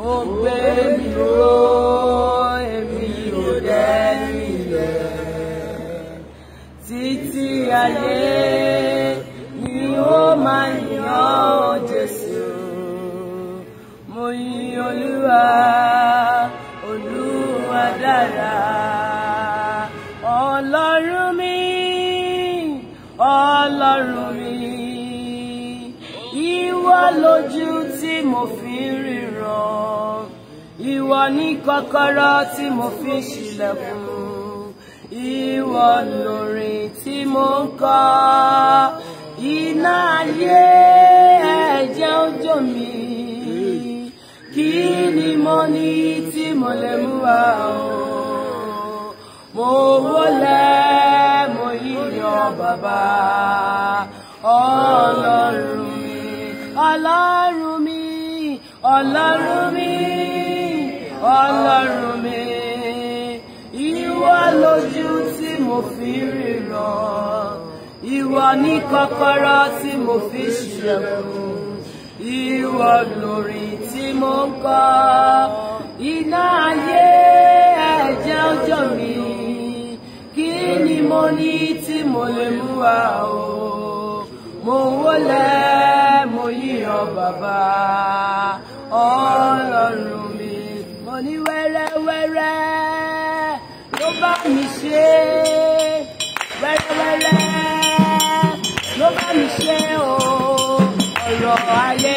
Oh, baby, oh. ní kọ́kọ́rọ́ tí mo fi ṣílẹ̀kùn ìwọ lórin tí mo ń kọ iná ayé ẹ̀jẹ̀ ojú mi kí ni mo ní tí mo lè mú wá o mo wólẹ̀ mo yíyan bàbá ọlọ́run mi ọlọ́run mi ọlọ́run mi ọlọ́run mi ìwọ lójú tí mo fi ríran ìwọ ní kọ́kọ́rọ́ tí mo fi ṣílẹ̀kùn ìwọ lórí tí mo ń kọ́ iná ayé ẹ̀jẹ̀ ọjọ́ mi kí ni mo ní tí mo lè mú wá o mo wólẹ̀ mo yíyan bàbá ọlọ́run sọ̀rọ̀ ní wẹ́rẹ́wẹ́rẹ́ ló bá mi ṣe wẹ́rẹ́wẹ́rẹ́ ló bá mi ṣe ọ̀rọ̀ ayé.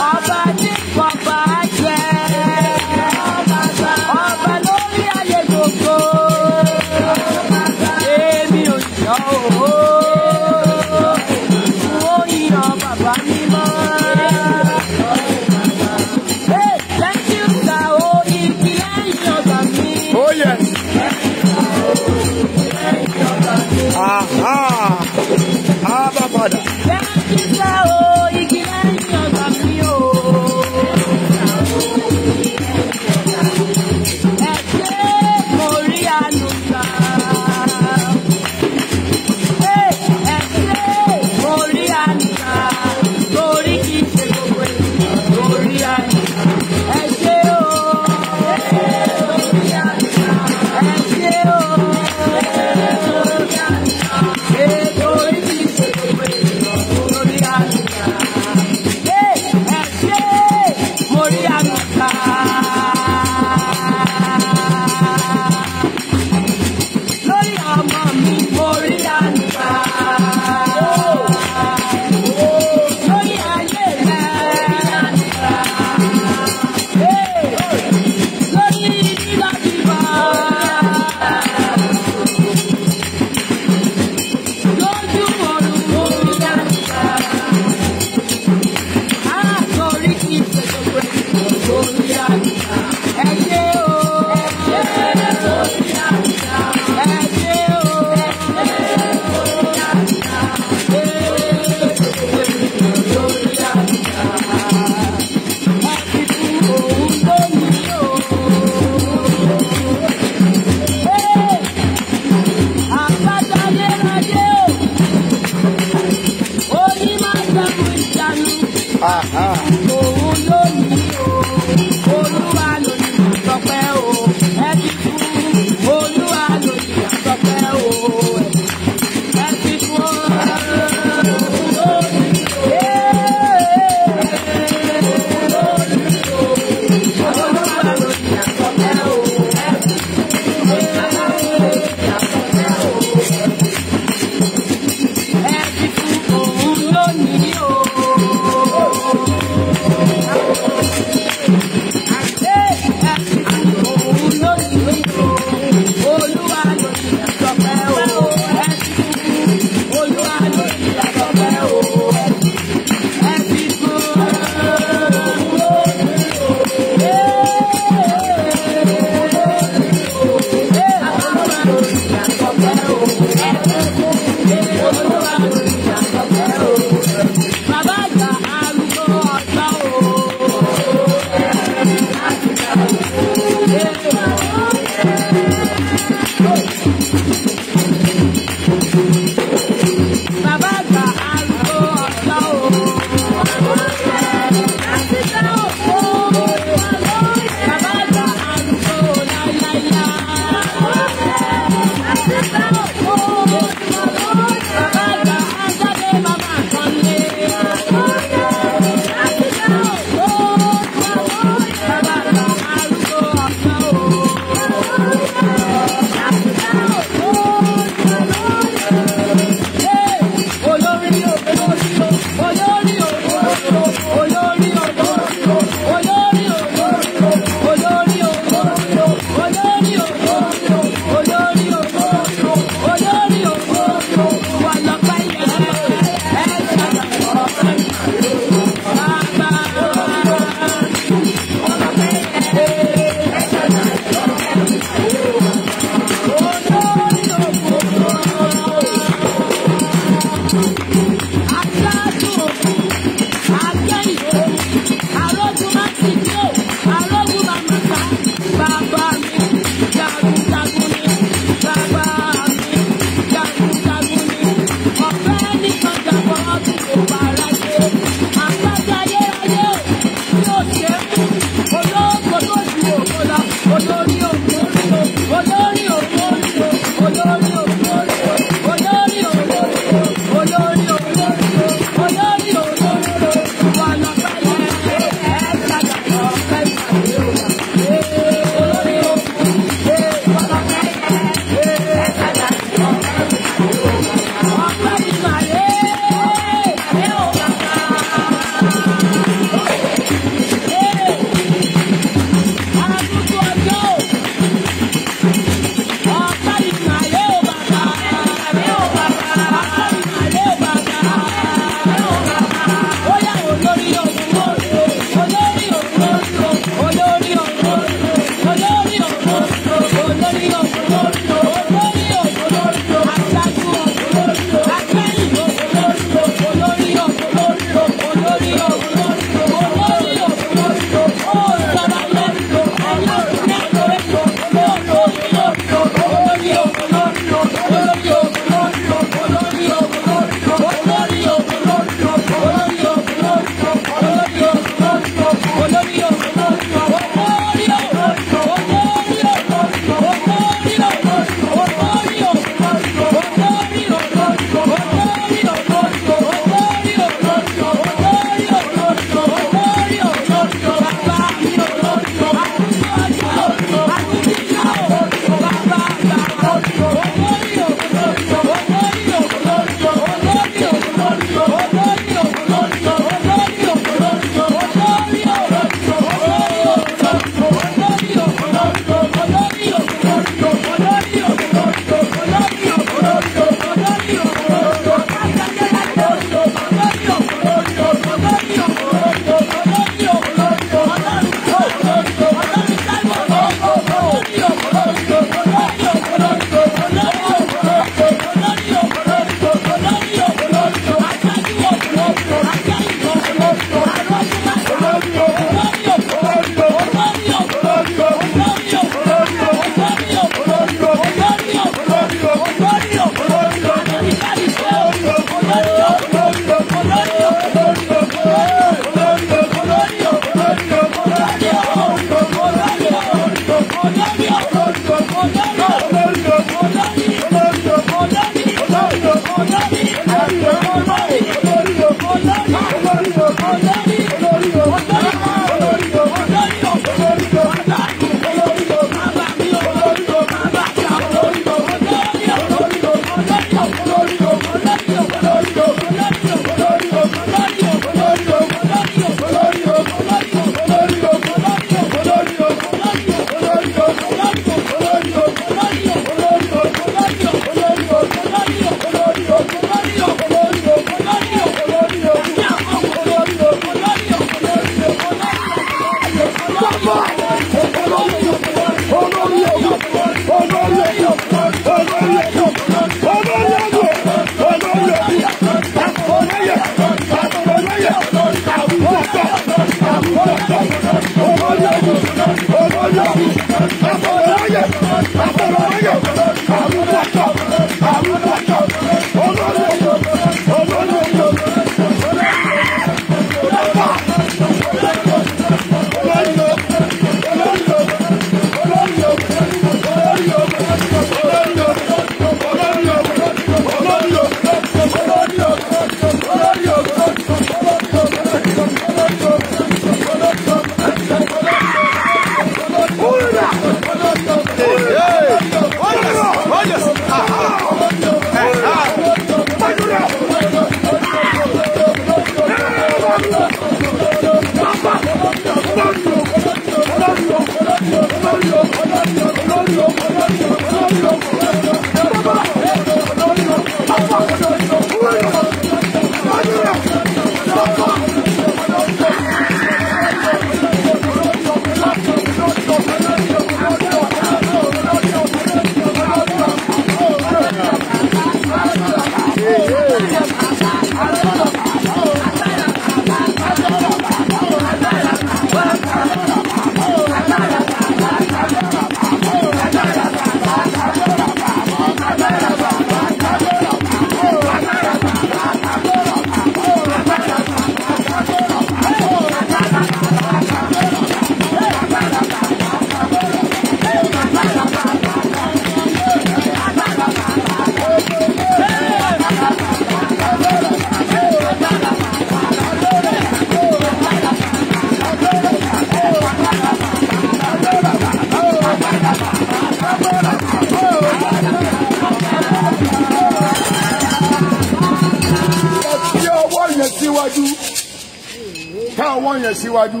síwájú.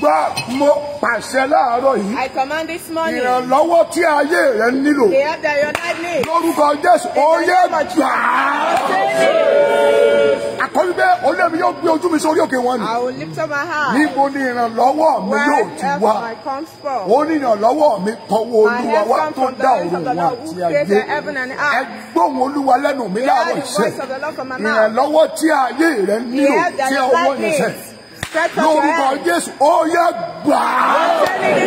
Gbọ́ mo pàṣẹ láàárọ̀ yìí. I command this morning. Ìrànlọ́wọ́ tí ayé rẹ nílò. The help that your life needs. Lórúkọ Jésù, ó yẹ gbà. Àkọ́bí bẹ́ẹ̀ olóòmí yóò gbé ojú mi sórí òkè wọn ni. I will lift up my heart. Níbo ni ìrànlọ́wọ́ mi yóò ti wá? Where help I come from? Ó ní ìrànlọ́wọ́ mi tọwọ́ Olúwa wá tó dá òun wá ti ayé. Ẹ gbóhùn Olúwa lẹ́nu mi láàárọ̀ iṣẹ́. Ìrànlọ́wọ́ tí ayé rẹ nílò tí ọwọ́ yẹn sẹ́ lórúkọ Jésù ó yẹ gbà á.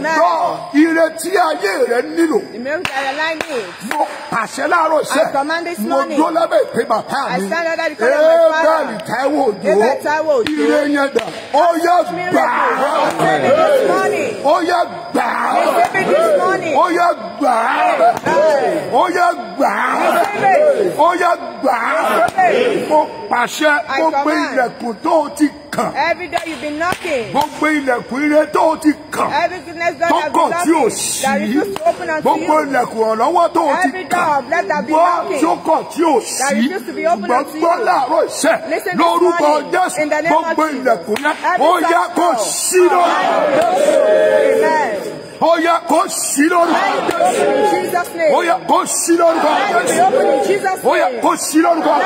lọ ire tí ayé rẹ nílò. ìmọ̀ràn ìdáraláyè pàṣẹ láàárọ̀ iṣẹ́ mo dúró lábẹ́ ìpè bàbá mi ébẹ́ẹ̀lì táíwò òjò ire yẹn dà ó yẹ gbà ó yẹ gbà ó yẹ gbà ó yẹ gbà ó yẹ gbà mo pàṣẹ mo gbé ilẹ̀kùn tó ti kàn. every door you been knocking. gbogbo ilẹ̀kùn ire tó o ti kàn. every goodness door that been knocking. tọkọ tí o ṣí. that refuse to open unto you. gbogbo ilẹ̀kùn ọ̀lọ́wọ́ tó o ti kàn. every door of death that been knocking. gbọ́ sókò tí o ṣí. that refuse to be open unto you. gbọ́ láàárọ̀ iṣẹ́. listen to morning lórúkọ Jésù. in the name of Jesus. gbogbo ilẹ̀kùn yẹn. ó yá kó ṣí lọ́wọ́. amen. Oya kó sí lórúkọ. Oya kó sí lórúkọ. Oya kó sí lórúkọ.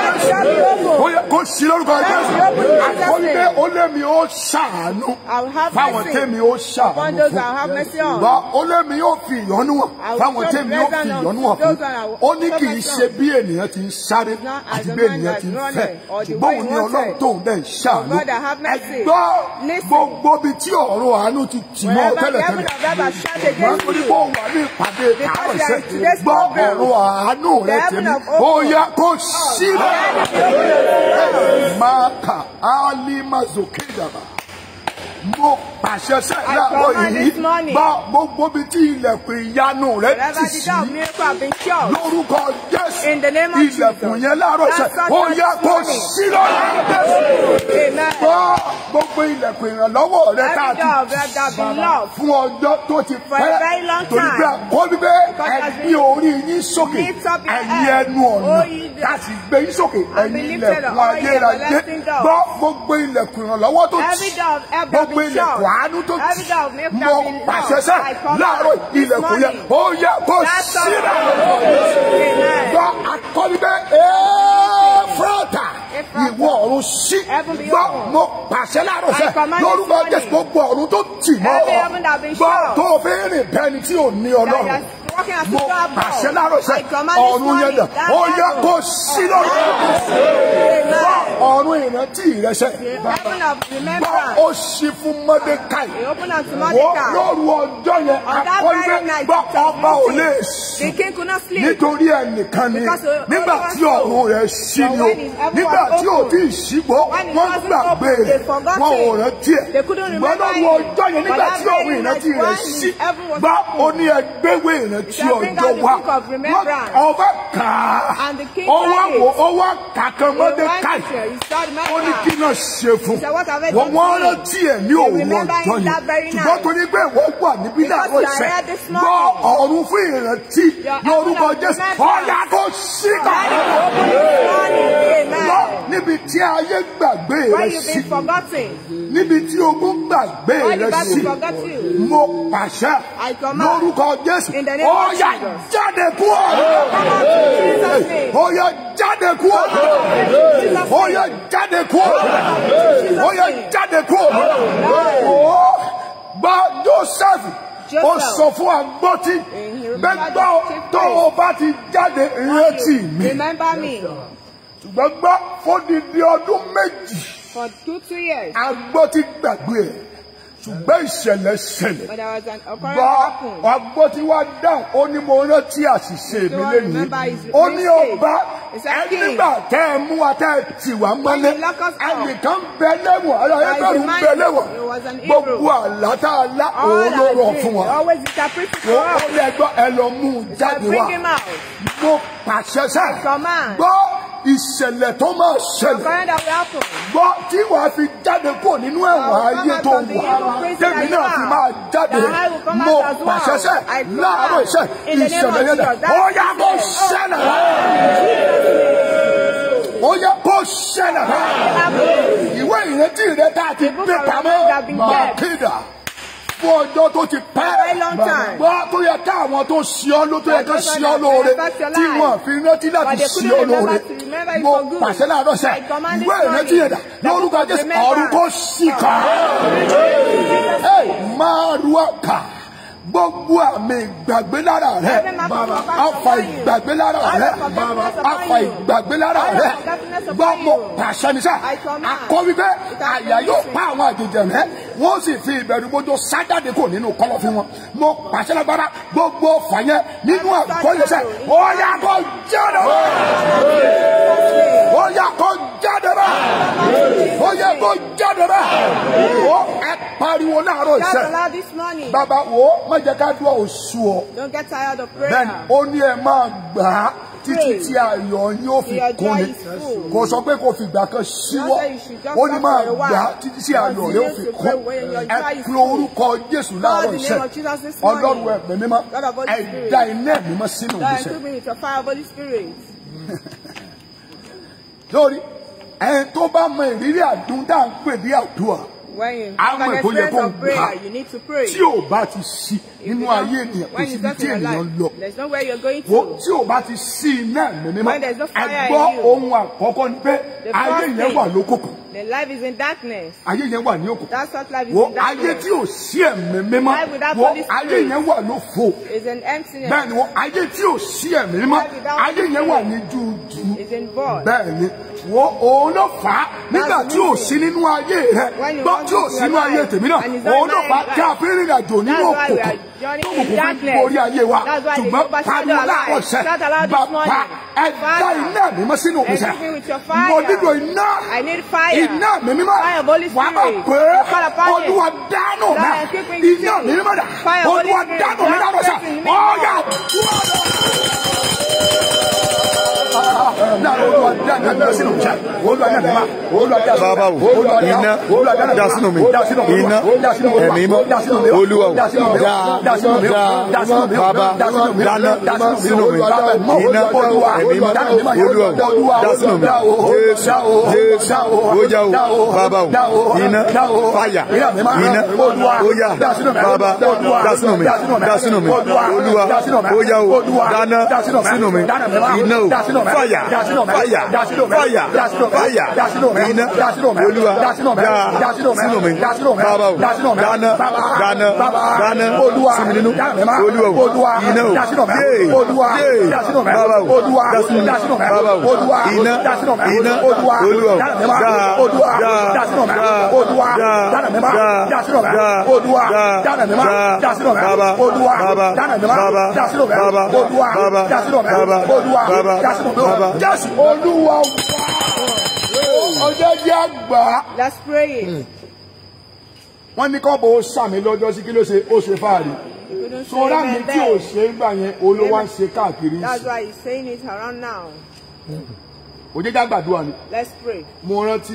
Oya God sí lórúkọ. Àkọ́lé olémi ó God Fáwọn tèmi ó ṣàánú fún. Bá olémi ó fi ìyọ́nú hàn. Fáwọn tèmi ó fi ìyọ́nú hàn fún. Ó ní kì í ṣe bí ènìyàn ti ń sáré àti bí ti ń fẹ́. ni Ọlọ́run tóun dẹ̀ ń ṣàánú. gbogbo ibi tí ọ̀rọ̀ àánú ti tì mọ́ tẹ́lẹ̀tẹ́lẹ̀ máa torí kó wà ní ìpàdé káàrọ̀ ṣe gbọ́ ọ̀rọ̀ àánú rẹ tèmi ó yá kó ṣí rẹ̀ máa kà á lè má zòkè dàbà mo pàṣẹ sẹ́yìn àbọ̀ yìí bá gbogbo bí tí ilẹ̀kùn ìyanu rẹ̀ ti sí lórúkọ Jésù ilẹ̀kùn yẹn láàárọ̀ sẹ́ ó yẹ kó sí lọ́la Jésù bá gbogbo ilẹ̀kùn ìrànlọ́wọ́ rẹ̀ káàtì fún ọjọ́ tó ti pẹ́ torí pé ó ní pé orí yín sókè ẹ̀yin ẹnu ọ̀nà láti oh, gbé yín sókè ẹ̀yin ilẹ̀kùn oh, ayérayé bá gbogbo ilẹ̀kùn ìrànlọ́wọ́ tó ti gbogbo ilẹ̀kùn àánú tó ti mọ pàṣẹ sẹ́ láàárọ̀ ilẹ̀kùn yẹn ó yẹ kó síra lọ àkọlùbẹ́ ẹ́ẹ́ fúrọ́tà ìwọ ọ̀run sí gbọ́ mo pàṣẹ láàárọ̀ sẹ́ lórúkọ jésù gbogbo ọ̀run tó tì mọ́ ọ gbọ́ tó fẹ́ẹ́ rìn bẹ́ni tí ò ní ọlọ́run mo pàṣẹ láròsẹ ọ̀run yẹn dà ó yẹ kó sí lórí bá ọ̀run ìrántí rẹ sẹ bá ó sì fún Mọ́dékáì wọ́n lóru ọjọ́ yẹn àkọ́lé gbọ́ ọba ò lè sùn nítorí ẹnìkan ni nígbà tí ọ̀run rẹ̀ sí ni o nígbà tí ò tí ì sígbó wọ́n gbàgbé rẹ̀ wọ́n ò rántí ẹ̀ gbọ́dọ̀ wọ ọjọ́ yẹn nígbà tí ọ̀run ìrántí rẹ̀ sí gbá ó ní ẹgbẹ́wé ìrántí etí ọjọ́ wa ọba kàá ọwọ́ wo ọwọ́ kàkan Mọ́dékáì ó ní kí náà ṣe fún wọ́n wọ́n rántí ẹ̀ ní òwúrọ̀ ọjọ́ yìí ṣùgbọ́n tó ní pé wọ́n wà níbí láàárọ̀ ìṣẹ́ gbọ́ ọ̀run fún ìrántí lórúkọ Jésù ọ̀yà kò sí kàkọ́ lọ níbi tí ayé gbàgbé rẹ sí níbi tí ogún gbàgbé rẹ sí mo pàṣẹ lórúkọ Jésù ó ọ̀yà jáde kúọ̀ ọ̀yà jáde kúọ̀ ọ̀yà jáde kúọ̀ ọ̀yà jáde kúọ̀ ọ̀ oh, gba Joseph ó sọ fún agbọ́tí gbẹ́gbọ́ tó o bá ti jáde rántí mi ṣùgbọ́n gbọ́ fódìdí ọdún méjì agbọ́tí gbàgbé ṣùgbọ́n ìṣẹ̀lẹ̀ ṣẹlẹ̀ bá ọgbọ́n tí wàá dáhùn ó ní mo rántí àṣìṣe mi lẹ́yìn ó ní ọba nígbà tẹ́ ẹ mú wa tẹ́ ẹ tì wá mọ́lé ẹnìkan bẹ lẹ́wọ̀n ara ẹgbẹ́rún bẹ lẹ́wọ̀n gbogbo àlá tá a lá òun ló rọ̀ fún wa ó lẹ́gbọ́n ẹ lọ mú un jáde wá mo pàṣẹ sẹ́ẹ̀ gbọ́ ìṣẹ̀lẹ̀ tó máa ṣẹlẹ̀ gbọ́ tí wàá fi jáde kúrò nínú ẹ̀wọ̀n ayé tó ń wà tèmi náà fi máa jáde mo pàṣẹṣẹ láàárọ̀ iṣẹ́ ìṣẹ̀lẹ̀ yẹn ó yá kó ṣẹlẹ̀ ó yá kó ṣẹlẹ̀ ìwé ìrètí rẹ tá a ti gbé pamọ́ màkìdá fún ọjọ́ tó ti pẹ́ gbọ́ tó yẹ káwọn tó ṣí ọ ló tó yẹ kán ṣí ọ lóore tí wọn fi rántí láti ṣí ọ lóore mo pàṣẹ láàárọ̀ sẹ́ ìwé ìrántí yẹn lórúkọ Jésù ọ̀run kò ṣìkà máa ru ọkà gbogbo àmì ìgbàgbélára rẹ afa ìgbàgbélára rẹ afa ìgbàgbélára rẹ gbọmọ pàṣẹ níṣà àkọ́bí bẹ́ẹ̀ àyà yóò pa àwọn àjèjì rẹ wọ́n sì fi ìbẹ̀rù bójú sájáde kò nínú kọ̀lọ̀fín wọn mo pàṣẹ lágbára gbogbo ọ̀fà yẹn nínú àgọ́ yẹn sẹ́ ó yà kó ó yẹ kó jáde rẹ ó ẹ pariwo láàárọ̀ iṣẹ́ bàbá wo má jẹ́ ká dúró òṣù ọ bẹ́ẹ̀ni ó ní ẹ máa gbà á títí tí ayọ̀ yín ó fi kún ni kò sọ pé kò fìgbà kan síwọ́ ó ní máa gbà á títí tí ayọ̀ rẹ ó fi kún ẹ pe orúkọ Jésù láàárọ̀ iṣẹ́ ọlọ́run ẹ̀mí mímọ́ ẹ̀dá iná ẹ̀mí sínú iṣẹ́ lórí ẹ tó bá mọ ìrírí àdúndà ń pè ní àdúrà àmọ́ èkó yẹ kó ń gbà tí ò bá ti sí nínú ayé ènìyàn kò síbi tí ènìyàn lọ wo tí ò bá ti sí iná ẹ̀mí mímọ́ ẹgbọ́ ohun àkọ́kọ́ ni pé ayé yẹn wà lókùnkùn ayé yẹn wà ní òkùnkùn wo ayé tí ò sí ẹ̀mí mímọ́ wo ayé yẹn wà lófo bẹ́ẹ̀ ni wo ayé tí ò sí ẹ̀mí mímọ́ ayé yẹn wà ní jújú bẹ́ẹ̀ ni wo òun ló fà á nígbà tí ò sí nínú ayé rẹ gbọ́ tí ò sí nínú ayé tèmi náà òun ló fà á tí a fi rìnrìn àjò nínú òkùnkùn tó mú kò fi borí ayé wa ṣùgbọ́n pariwo láàárọ̀ sẹ́ bàbá ẹ̀dá iná mi mọ́ sínú mi sẹ́ mo nílò iná iná mi mímọ́ wà á máa pè é olúwa dánù mi iná mi mímọ́ dà olúwa dánù mi dánù sẹ́ ọ̀yà tó ọ̀dọ̀ bàbá wò iná dasínú mi iná ẹ̀mí mọ́ olúwa wò dáa dáa bàbá dáná sínú mi iná ẹ̀mí mọ́ olúwa wò dasínú mi jésù jésù ojà wò bàbá wò iná fàyà iná oya bàbá dasínú mi dasínú mi olúwa oya wò dáná sínú mi iná wò. Baba, fàyà fàyà fàyà fàyà iná olúwa dá sínú mi bàbá o dáná dáná dáná sinmi nínú olúwa o iná o yéé bàbá o dá sínú mi bàbá o iná iná olúwa o dá dá dá dá dá dá bàbá bàbá bàbá bàbá bàbá bàbá bàbá. Just Oluwa, wá. Ọjọ́ jẹ́ àgbà. Let's pray it. Hmm. Wọ́n ní kọ́bọ̀ ó sàmì lọ́jọ́ sí kí ló ṣe ó ṣe fáàrí. Sọ́ra mi tí ò ṣe gbà yẹn olówó ń ṣe káàkiri. That's why he's saying it around now. Òjẹ́jà gbàdúrà ni. Let's pray. Mo rántí.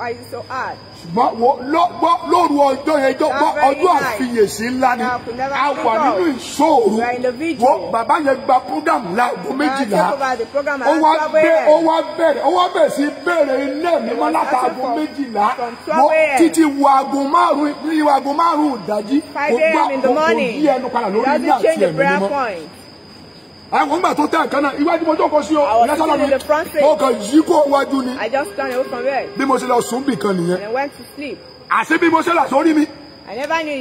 why is it so hard? ṣùgbọ́n wo ló gbọ́ lóru ọjọ́ yẹn jọ gbọ́ ọjọ́ àfiyèsí ńlá ni a wà nínú ìṣòro wo bàbá yẹn gba program ńlá ògbó méjìlá ó wá bẹ̀rẹ̀ ó wá bẹ̀rẹ̀ ó wá bẹ̀rẹ̀ sí bẹ̀rẹ̀ ilé mímọ́ látàgò méjìlá wo títí wo aago márùn-ún ìdájí kò gbà kò bí ẹnu padà lórí ilé àti ẹ̀mí mímọ́ àwọn ìgbà tó tẹ̀ nǹkan náà iwájú mo jókòó sí o ìyásọ́lá mi mo kàn yí kó wájú ni bí mo ṣe lọ sùn bì kan nìyẹn àṣé bí mo ṣe là sórí mi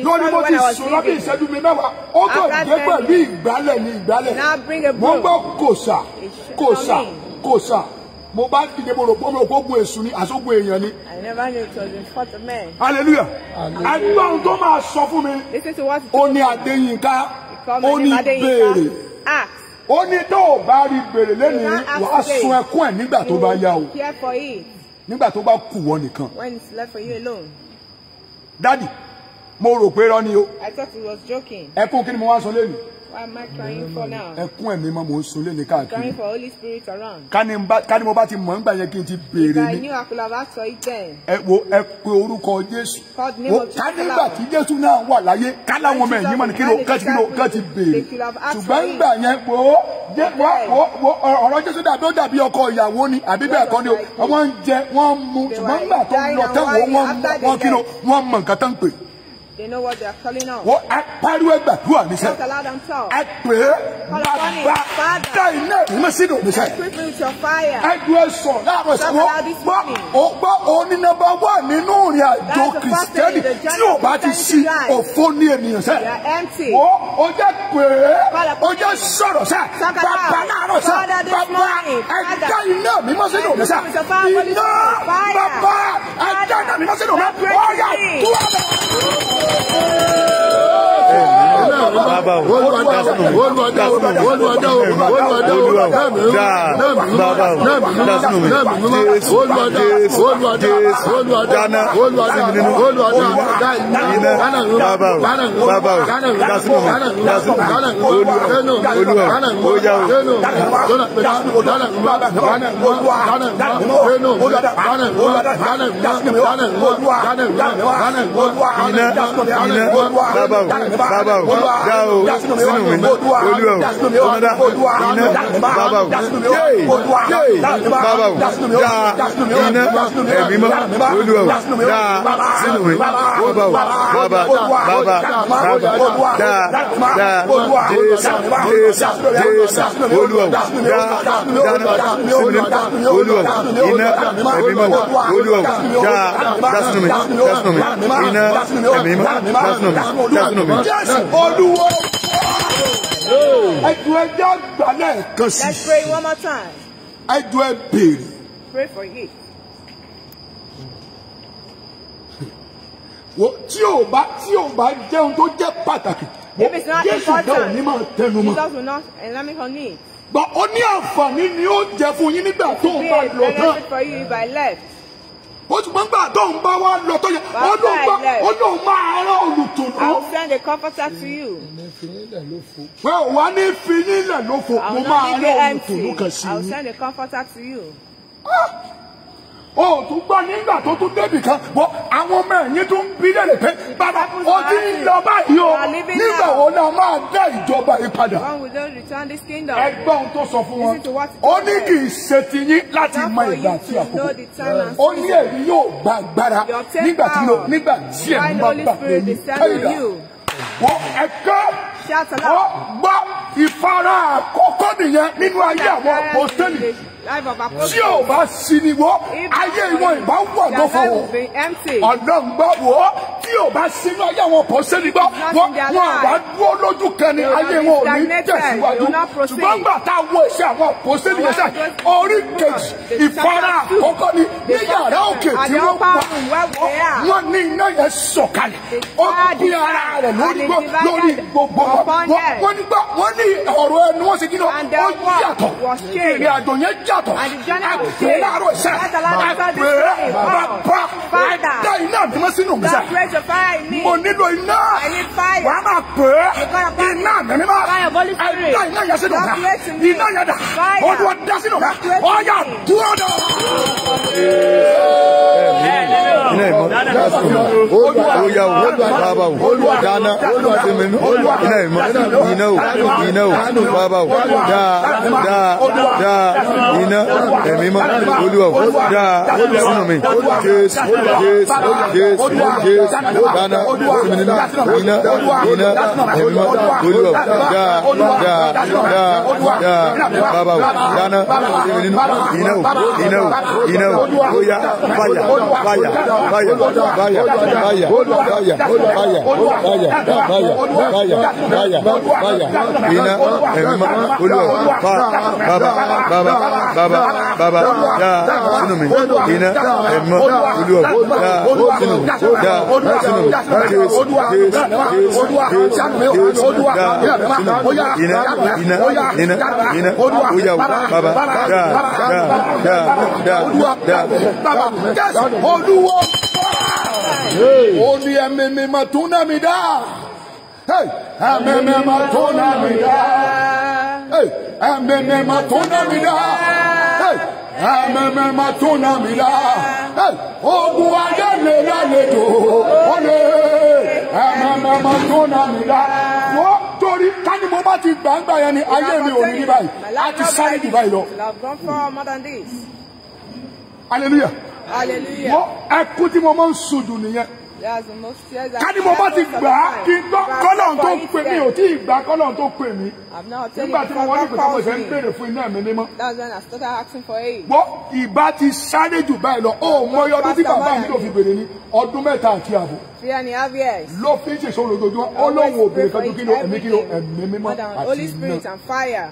lórí mo ti sùn lọ́bí ìṣẹ́jú mi mẹ́wàá ó kàn dé pẹ̀lú ìgbálẹ̀ ní ìgbálẹ̀ mo gbọ́ kòsà kòsà kòsà mo bá dìde mo rò pé mo gbógun èṣù ni àsógun èèyàn ni. I never knew it was in front of men. hallelujah. àgbà ohun tó máa sọ fún mi ó ní Adéyínká ó ní béèrè ó ní tó o bá rí bèrè lẹ́nu wàá sun ẹkún ẹ̀ nígbà tó bá yá o nígbà tó bá kù wọ́n nìkan. when it's left for you alone. dadi mo rò pé irọ́ o. I thought he was joking. ẹkún kí ni mo wá sọ lẹ́nu. What am I crying for mm. now? mò ń sun léni káàkiri. Crying for Holy Spirit around. Ká ní mo bá ti mọ̀ nígbà yẹn kí n ti béèrè ní. I knew I could have asked for it then. Ẹ wo ẹ pe orúkọ Jésù. Call the name of Jesus. Ká nígbà tí Jésù náà wà láyé, ká láwọn ọmọ ẹ̀yìn mọ̀ ní kí ló ká ti kí ló ká ti béèrè. Ṣùgbọ́n nígbà yẹn wo ọ̀rọ̀ Jésù dàbí ó dàbí ọkọ ìyàwó ni àbí bẹ́ẹ̀ kọ́ ni o. Wọ́n ń jẹ, wọ́n ń mu, ṣùgbọ́n nígbà tó ń lọ tẹ́wọ̀n wọ́n mọ̀ nǹkan tán pè. They know what they are calling out. Wọ́n ẹ pariwo gbàdúrà ní sẹ́. Just allow them talk. it. pè é. Bàbá dá iná ìmọ̀ sínú mi sẹ́. Equip me with your fire. Ẹ dúró sọ láàárọ̀ sí wọn. Gbọ́ ògbọ́ onínàbà wà nínú ìrìn àjò Kìrìsìtẹ́nì tí ò bá ti sí òfó ní ènìyàn sẹ́. Wọ́n o jẹ́ pè é. O jẹ́ sọ̀rọ̀ sẹ́. Bàbá láàárọ̀ sẹ́. Bàbá ẹ dá iná ìmọ̀ sínú mi sẹ́. Iná bàbá ẹ dá iná ìmọ̀ sínú mi. Ọ̀yà tó wà bẹ̀rẹ̀. Thank you. bàbá o dasunu dasunu olúwa o da bàbá o dasunu jésù jésù jésù dáná sinmi nínú iná bàbá o bàbá o dasunu dasunu olúwa olúwa o oya o iná iná bàbá o bàbá o dá o sínú mi olúwa ọmọdá iná bàbá o yéé yéé bàbá o dá iná ẹ̀mí mọ́ Oluwa, o dá sínú mi bàbá o bàbá bàbá bàbá dá dá jésù jésù jésù Oluwa, o dá dáná sínú mi Oluwa, o iná ẹ̀mí mọ́ Oluwa, o dá dá sínú mi dá sínú mi iná ẹ̀mí mọ́ dá sínú mi dá sínú mi. Jésù Olúwo. Ẹ̀dùn ẹjọ́ gbalẹ̀ kan sí. Let's pray one more time. Ẹ̀dùn ẹ béèrè. Pray for you. Tí o bá tí o bá jẹun tó jẹ́ pàtàkì, Jésù náà ní máa tẹnu mọ́. Jesus will not eliminate her needs. Gbọ́ ó ní àǹfààní ni ó jẹ fún yín nígbà tó ń bá lọ tán ó ti mọ̀ nígbà tó ń bá wa lọ tó yẹ ó lóun máa rán olùtùnú. I will send a comforter to you. pé òwa ní fi yín lẹ̀ lófo mo máa rán olùtùnú kan sí i. I will send a comforter to you. Ah o tún gbọ́ nígbà tó tún débì kan wọ àwọn ọmọ ẹ̀yìn tún ń bí lẹ́lẹ̀ pé bàbá o ti ń lọ báyìí o nígbà wo la máa dá ìjọba yìí padà. ẹ gbọ́ ohun tó sọ fún wọn ó ní kì í ṣe ti yín láti mọ ìgbà àti àkókò ó ní èmi yóò gba agbára nígbà tí mo nígbà tí ẹ̀ ń bá gbà pé mi káyìlá wọ ẹ̀kọ́ wọ́n gbọ́ ìfara àkọ́kọ́ nìyẹn nínú ayé àwọn apostoli tí ò bá sí ni wọ́ ayé wọn ìbá wọ̀ gbọ́fọ̀ wọ̀ ọ̀nà ń gbọ́ wọ́ tí ò bá sí ni ayé wọn kọ́ sẹ́ni gbọ́ wọ́n àbá dúró lójú kan ni ayé wọn ò ní tẹ̀síwájú ṣùgbọ́n gbà tá a wọ iṣẹ́ àwọn kọ́ sẹ́ni yẹn sẹ́ orí kejì ìfara àkọ́kọ́ ni ní yàrá òkè tí wọ́n pa wọ́n ní iná yẹn sọ̀kalẹ̀ ó kú ara rẹ̀ lórí gbogbo wọ́n ní ọ̀rọ̀ ẹnu wọ́n ṣe kí ni ó yàtọ̀ ìrìn àjò yẹn já yàtọ̀ àgbè láàárọ̀ bàbá ẹ̀dá iná mi sínú mi sẹ́ mo nílò iná wà á máa pè é iná mi mímọ́ ẹ̀dá iná yẹn sínú mi iná yẹn dà ó dá sínú mi ó dúró dọ̀ oya o baba o dana tẹmẹnu iná ìmọ iná o iná o baba o da da da iná ẹ̀mí mọ́ olúwa o da sínú mi jésù jésù jésù jésù dana tẹmẹnu iná iná iná ẹ̀mí mọ́ olúwa o da da da da baba o dana tẹmẹnu iná o iná o iná o bóyá fàyà fàyà fàyà fàyà fàyà fàyà fàyà fàyà fàyà fàyà fàyà fàyà iná ẹ̀mí olúwa fa bàbá bàbá bàbá bàbá yá sínú mi iná ẹ̀mí olúwa yá sínú mi yá sínú mi jésù jésù jésù jésù yá sínú mi iná iná iná iná olúwa bàbá yá yá yá yá bàbá kẹsì olúwo ó ní ẹ̀mí torí ká mo bá ti gbàǹgbà yẹn ni ayé mi ò ní ní báyìí a sáré jù báyìí lọ hallelujah hallelujah mo ẹkún tí mo máa ń sun jù nìyẹn kádì mo bá ti gbà á kí n tó kọ́nà tó pè mí ò tí ì gbà kọ́nà tó pè mí nígbà tí mo wọ́n nígbà tí mo fẹ́ ń béèrè fún iná mi mímọ́. gbọ́ ìbá ti sáré jù báyìí lọ ó mọ iye ọdún tí bàbá mi ló fi béèrè ní ọdún mẹ́ta àti ààbọ̀ ló fi ń ṣèṣọ́ lójoojúmọ́ ó lóun ò béèrè fẹ́ ju kí ló ẹ̀mí kí ló ẹ̀mí mímọ́ àti iná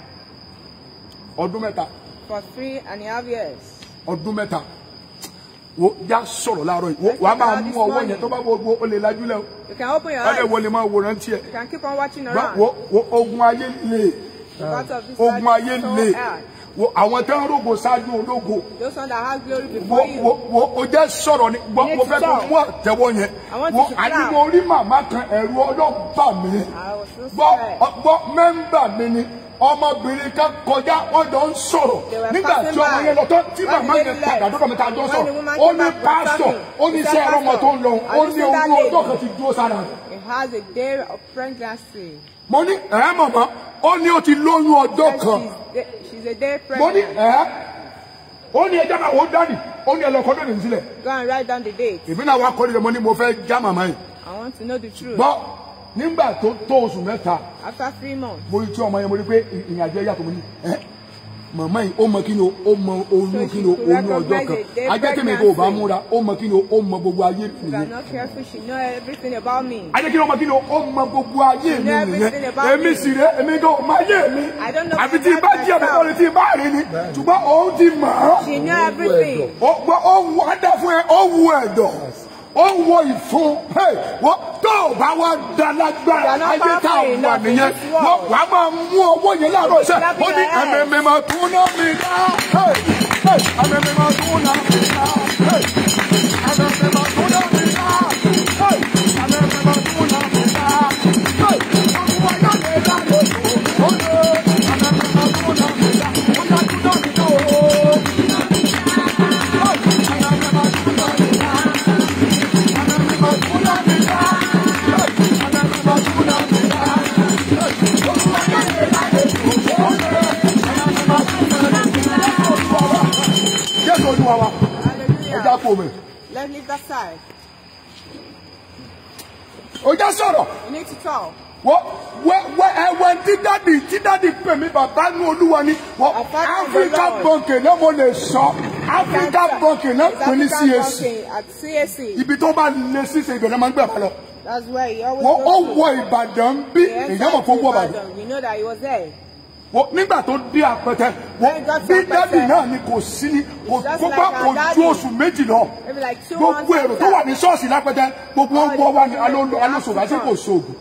ọdún mẹ́ta. for three and a half years ọdún mẹ́ta wo já sọ̀rọ̀ láàárọ̀ yìí wàá máa mú ọwọ́ yẹn tó bá gbogbo o lè lajú lẹ̀ o ọdẹ wọlé máa wòran tiẹ̀ wo ogun ayé lè ogun ayé lè wo àwọn tó ń rògbò ṣáájú ológo wo wo wo o jẹ́ sọ̀rọ̀ ni gbọ́ mo fẹ́ mú àtẹ́wọ́ yẹn wo àdìgbò orí màmá kan ẹ̀rù ọlọ́gbà mi gbọ́ gbọ́ mẹ́ńbà mi ni ọmọbìnrin kan kọjá wọ́n jọ ń sọ̀rọ̀ nígbà tí ọmọ yẹn lọ tán tí màmá yẹn padà dọ́dọ̀ mi ta jọ sọ̀rọ̀ ó ní pásítọ̀ ó ní iṣẹ́ ẹ̀rọ tó ń lọ ó ní owó ọjọ́ kan ti dúró sára rẹ̀. It has a day of pregnancy. mo ní ẹ màmá ó ní ó ti lóyún ọjọ́ kan mo ní ẹ ó ní ẹjọ́ náà ó dání ó ní ẹlọ́kọ́ lónìí nísìlẹ̀. Go and write down the date. ìbí náà wá kọ́ ni mo ní mo fẹ́ já màmá yìí. I want to know the truth. gbọ́ nígbà tó tó oṣù mẹ́ta. after three months. mo rí tí ọmọ yẹn mo rí pé ìrìn àjò ẹ̀yà tó mo ní ẹ́ màmá mọ kí ni o mọ oyún kí o oyún ọjọ́ kan ajẹ́kẹ̀mí kò bá múra ó mọ kí ni o mọ gbogbo ayé mi nìyẹn ajẹ́kẹ̀mí ó mọ kí ni o mọ gbogbo ayé mi nìyẹn èmi sì rẹ èmi gan ọmọ ayé mi àfi tí ibà jí àbẹ̀tọ̀ ni tí ibà rí ni ṣùgbọ́n òun ti mọ̀ ọ́ ó wù ọ́ dá fún ẹ̀dọ̀ ó ń wo ìfun wọ́n tó o bá wá da lágbára ayé tá a wà nìyẹn wọ́n wàá máa mú owó yẹn láàárọ̀ sẹ́ ó ní ẹ̀mẹ̀mẹ̀ máa tún náà mi dá ẹ̀mẹ̀mẹ̀ máa tún náà mi dá ẹ̀mẹ̀mẹ̀ máa tún náà mi dá. Jésù olúwa that side. Ó já sọ̀rọ̀. You need to talk. Wọ́n wẹ́ ẹ̀wẹ̀ tí dádì tí dádì pè mí bàbá ní olúwa ni. Africa Bank náà mo lè sọ. Africa Bank náà pè ní CAC. Ibi tó bá lè sísè ibẹ̀ náà máa ń gbẹ̀ bá lọ. That's where he always. Wọ́n ó wọ Ìbàdàn bí ìyá mọ̀ kó wọ Ìbàdàn. You know that he was there nígbà tó dé àpẹtẹ wo bí dábì náà ni kò sí ni kò kò ju oṣù méjì lọ gbogbo èrò tó wà ní ṣọ́ọ̀ṣì lápẹtẹ gbogbo oh, wọn wọ wá ní alóṣòwò àti kò ṣoògùn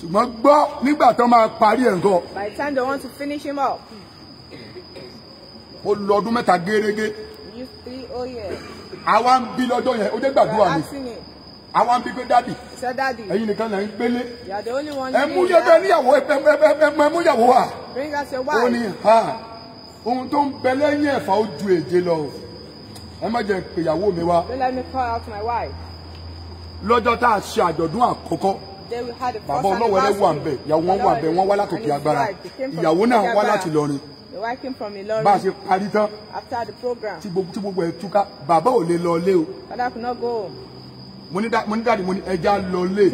ṣùgbọ́n gbọ́ nígbà tó máa parí ẹ̀ nǹkan. by the time they want to finish him up. ó lọ ọdún mẹ́ta gẹ́gẹ́. you three oh years. àwa ń bí lọ́jọ́ yẹn ó dé gbàdúrà mi àwọn bíi pé dádì ẹ̀yin nìkan là ń gbélé ẹ mú yẹbẹ níyàwó ẹ mú yàwó wa ó ní ha ohun tó ń bẹ lẹ́yìn ẹ̀fà ó ju èje lọ ẹ má jẹ́ pé ìyàwó mi wá lọ́jọ́ tá a ṣe àjọ̀dún àkọ́kọ́ bàbá ọlọ́wọ́lẹ́ wà ń bẹ̀ ìyàwó wọn wà ń bẹ̀ wọ́n wá látòkè agbára ìyàwó náà wá láti lọrin bá a ṣe parí tán tí gbogbo ẹ̀ túká bàbá ò lè lọ ilé o mo ní dáàdì mo ní ẹja lọ lé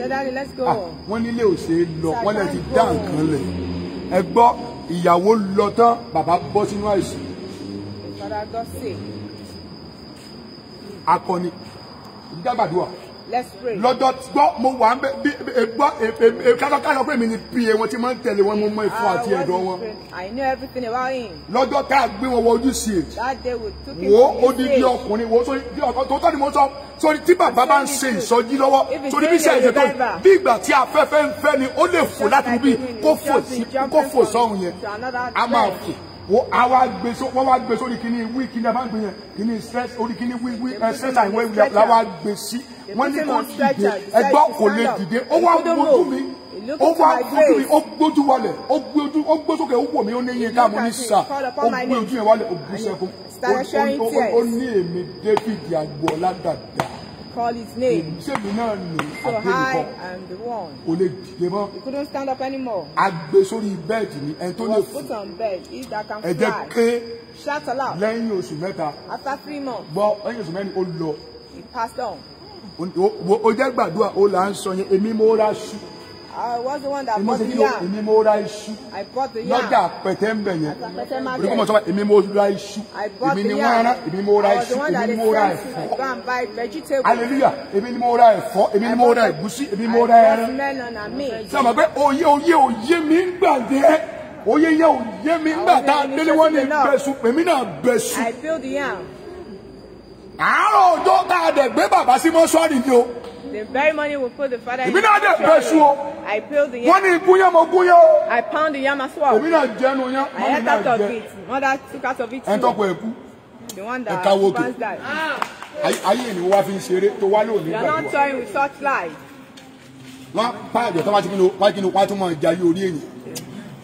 ah, wọ́n nílé ò ṣe é lọ wọ́n lè ti dá nǹkan lẹ̀ ẹ gbọ́ ìyàwó lọ tán bàbá bọ́ sínú àìsàn. akọni ìdí dàgbàdua let's pray. lọ́jọ́ gbọ́ mo wà ń bẹ gbọ́ kálọ́kálọ́ pé mi ni pa wọn tí máa ń tẹ̀lé wọn mo mọ ìfún ah, àti ẹ̀dọ̀ wọn. I know everything about him. lọ́jọ́ tá a gbé wọn wọ ojúṣe. that day we took him to his age. wo odidi ọkùnrin wo sórí bí ọkọ tó tọ́ ni mo sọ sórí tí bàbá bá ń ṣe ìsọjí lọ́wọ́ sórí bí iṣẹ́ ìṣètò bí ìgbà tí afẹ́fẹ́ ń fẹ́ ni ó lè fò láti ibi kó fò sọ́hun yẹn a máa fò wọ́n wá gbé sórí kíní wí kíní abáǹgbé yẹn kíní stress orí kíní wí wí stress àìwọ́ ìwé làwọn gbé sí wọ́n ní kò dìde ẹgbẹ́ kò lè dìde ó wá gbójú mi ó wá gbójú mi ó gbójú wálẹ̀ ó gbójú ó gbójú sókè ó wò ó ní yín káàmù ní sà ó gbé ojú yẹn wálẹ̀ ó bú sẹ́kún ó ní èmi David Agboola Dàda call his name. náà ni àgbélùkọ. So I am the one. Kò lè dìde mọ́. He couldn't stand up anymore. A gbé sórí bẹ́ẹ̀dì ni ẹni tó lè fún. Was bed if that can fly. Ẹ̀jẹ̀ ké. Shout aloud. Lẹ́yìn oṣù mẹ́ta. After three months. Gbọ́ lẹ́yìn oṣù mẹ́rin ó lọ. He passed on o jẹ́ gbàdúrà o là ń sọ yẹn èmi mo ra ṣu. I was the one that bought the yam. Èmi mo ra iṣu. I bought the yam. Lọ́jà pẹ̀tẹ́ ń bẹ̀ yẹn. Àtàpẹ̀tẹ́ máa bẹ̀. Olùkọ́ mọ̀ sọ́wọ́ èmi mo ra iṣu. I bought the yam. Èmi ni wọ́n rán, èmi mo ra iṣu, èmi mo ra ẹ̀fọ́. I was the one that they sent to go and buy vegetable. Hallelujah! Èmi ni mo ra ẹ̀fọ́, èmi ni mo ra ẹ̀gúsí, èmi mo ra ẹran. I bought melon and meat. Sọ ma pé oyé oyé oyé mi ń gbà jẹ́. Oyé yẹn oyé mi ń gbà tá a délé wọ́n ní bẹ̀sùn, èmi náà bẹ̀sùn. I build the yam àárọ̀ ọjọ́ tá a dẹ̀ gbé bàbá sí mọ́ṣúárì ni o. The very morning we put the father in the morning. I peeled the yam. Wọ́n ní ikú yẹn mo o. I pound the yam as well. Omi náà jẹnu yẹn. I ate out of it. Mother took out of it too. Ẹ ẹ̀kú. The one that was died. Ayé ni wá fi ń ṣeré tó wá lónìí You are not toying with such life. Wọ́n pa àjọ tó bá ti kí ni wá kí ni wá tún máa jayé orí èyí.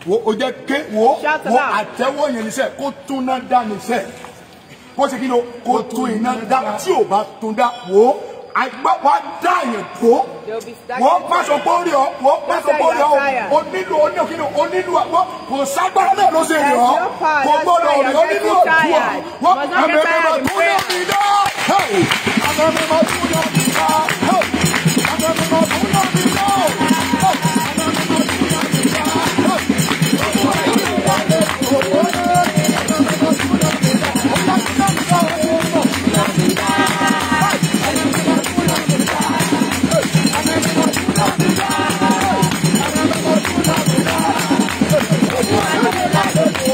Wo o jẹ́ ké wo wo àtẹ́wọ́ yẹn níṣẹ́ kó tún náà dá kó ṣe kí ni o kó tún iná dá tí ò bá tún dá wò ó àgbàpá dá yẹn tó wọ́n pàṣọ pọ́ọ́rì ọ wọ́n pàṣọ pọ́ọ́rì ọ o nílò o nílò kí ni o nílò àpò kò ságbára náà ló ṣe rìn ọ kò gbọdọ̀ rìn ọ nílò àdúrà wọ́n àmì ẹ̀rọ tó yẹ kí n dá àmì ẹ̀rọ tó yẹ kí n dá àmì ẹ̀rọ tó yẹ kí n dá. Oh,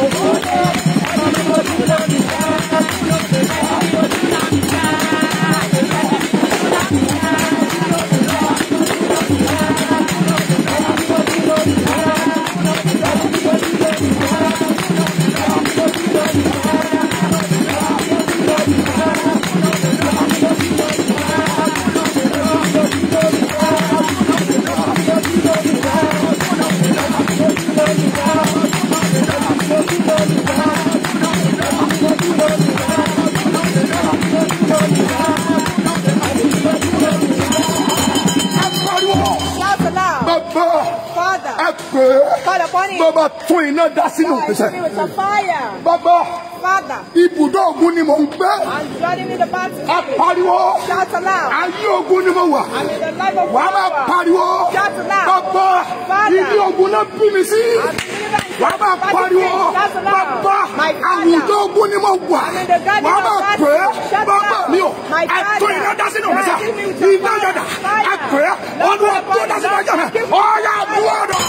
Thank you. ayé ogun ni mo wà wàá máa pariwo bàbá ibi ogun náà bí mi sí wàá máa pariwo bàbá àwùjọ ogun ni mo wà wàá máa pè é bàbá mi ò ẹ̀tọ́ iná dá sínú mi sá iná dàda ẹ é ọdún ọdún dá sínú ọjọ́ mi ọ̀yà àbúrò.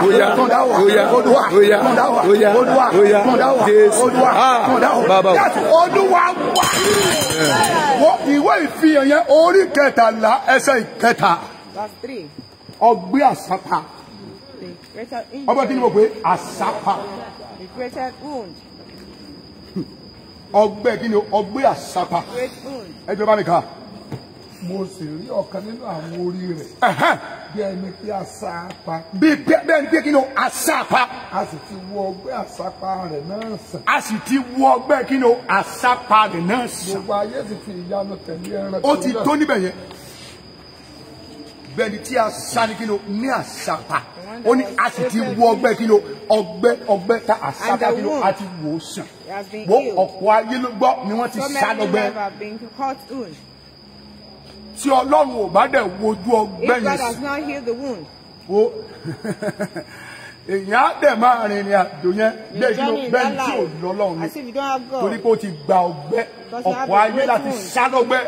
oya oya oya oya oya Jésù ah, bàbá o. Olúwa wà. Ìwé ìfihàn yẹn orí kẹtàlá ẹsẹ̀ ìkẹta. Ọgbẹ́ àsápa. Ọba kí ni mo pè é? Àsápa. Ọgbẹ́ kí ni ọgbẹ́ àsápa? Ẹ jọba mi kà mo sì rí ọ̀kan nínú àwọn orí rẹ̀. bí ẹni pé asápa. bí bẹ́ẹ̀ ni pé kí ni asápa. a sì ti wọ ọgbẹ́ asápa rẹ̀ náà sàn. a sì ti wọ ọgbẹ́ kí ni asápa rẹ̀ náà sàn. gbogbo ayé sì fi ìyanu tẹ̀lé ẹran. ó ti tó níbẹ̀ yẹn bẹ́ẹ̀ni tí a sá ní kíló ní àsápa ó ní a sì ti wọ ọgbẹ́ kíló ọgbẹ́ ọgbẹ́ ta àsápa kíló a ti wò ó sàn wọ́n ọ̀pọ̀ ayé ló ni wọ́n ti sá lọ́gbẹ́ tí ọlọ́run ò bá dẹ̀ wojú ọgbẹ́ sí. if God has not healed the wound. wo èèyàn á dẹ̀ máa rin ìrìn àjò yẹn bẹ́ẹ̀ tí ò lọ́lọ́run ni torí pé ó ti gba ọgbẹ́ ọ̀pọ̀ ayé láti ṣá lọ́gbẹ́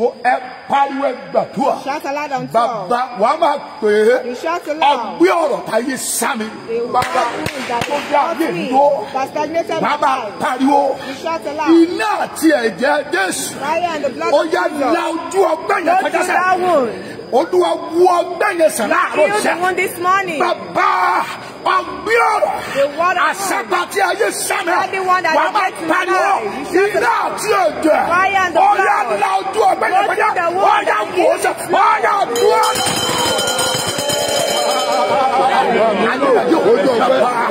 wo ẹ pariwo gbàdúrà bàbá wàá máa pè é ọgbẹ́ ọ̀rọ̀ táyé sámi Baba, tó dá lè dúró bàbá pariwo iná àti ẹ̀jẹ̀ Jésù ó yá la ojú ọgbẹ́ yẹn kọjá sẹ́yìn olúwa wú ọgbẹ́ yẹn sàn láàárọ̀ sẹ́ bàbá ọgbẹ́ ọ̀rọ̀ àṣàgbà tí ayé sàmì wà má pariwo iná àti ẹ̀jẹ̀ ọ̀yà ńlá ojú ọgbẹ́ yẹn kọjá ọ̀yà wò ó sẹ ọ̀yà dúró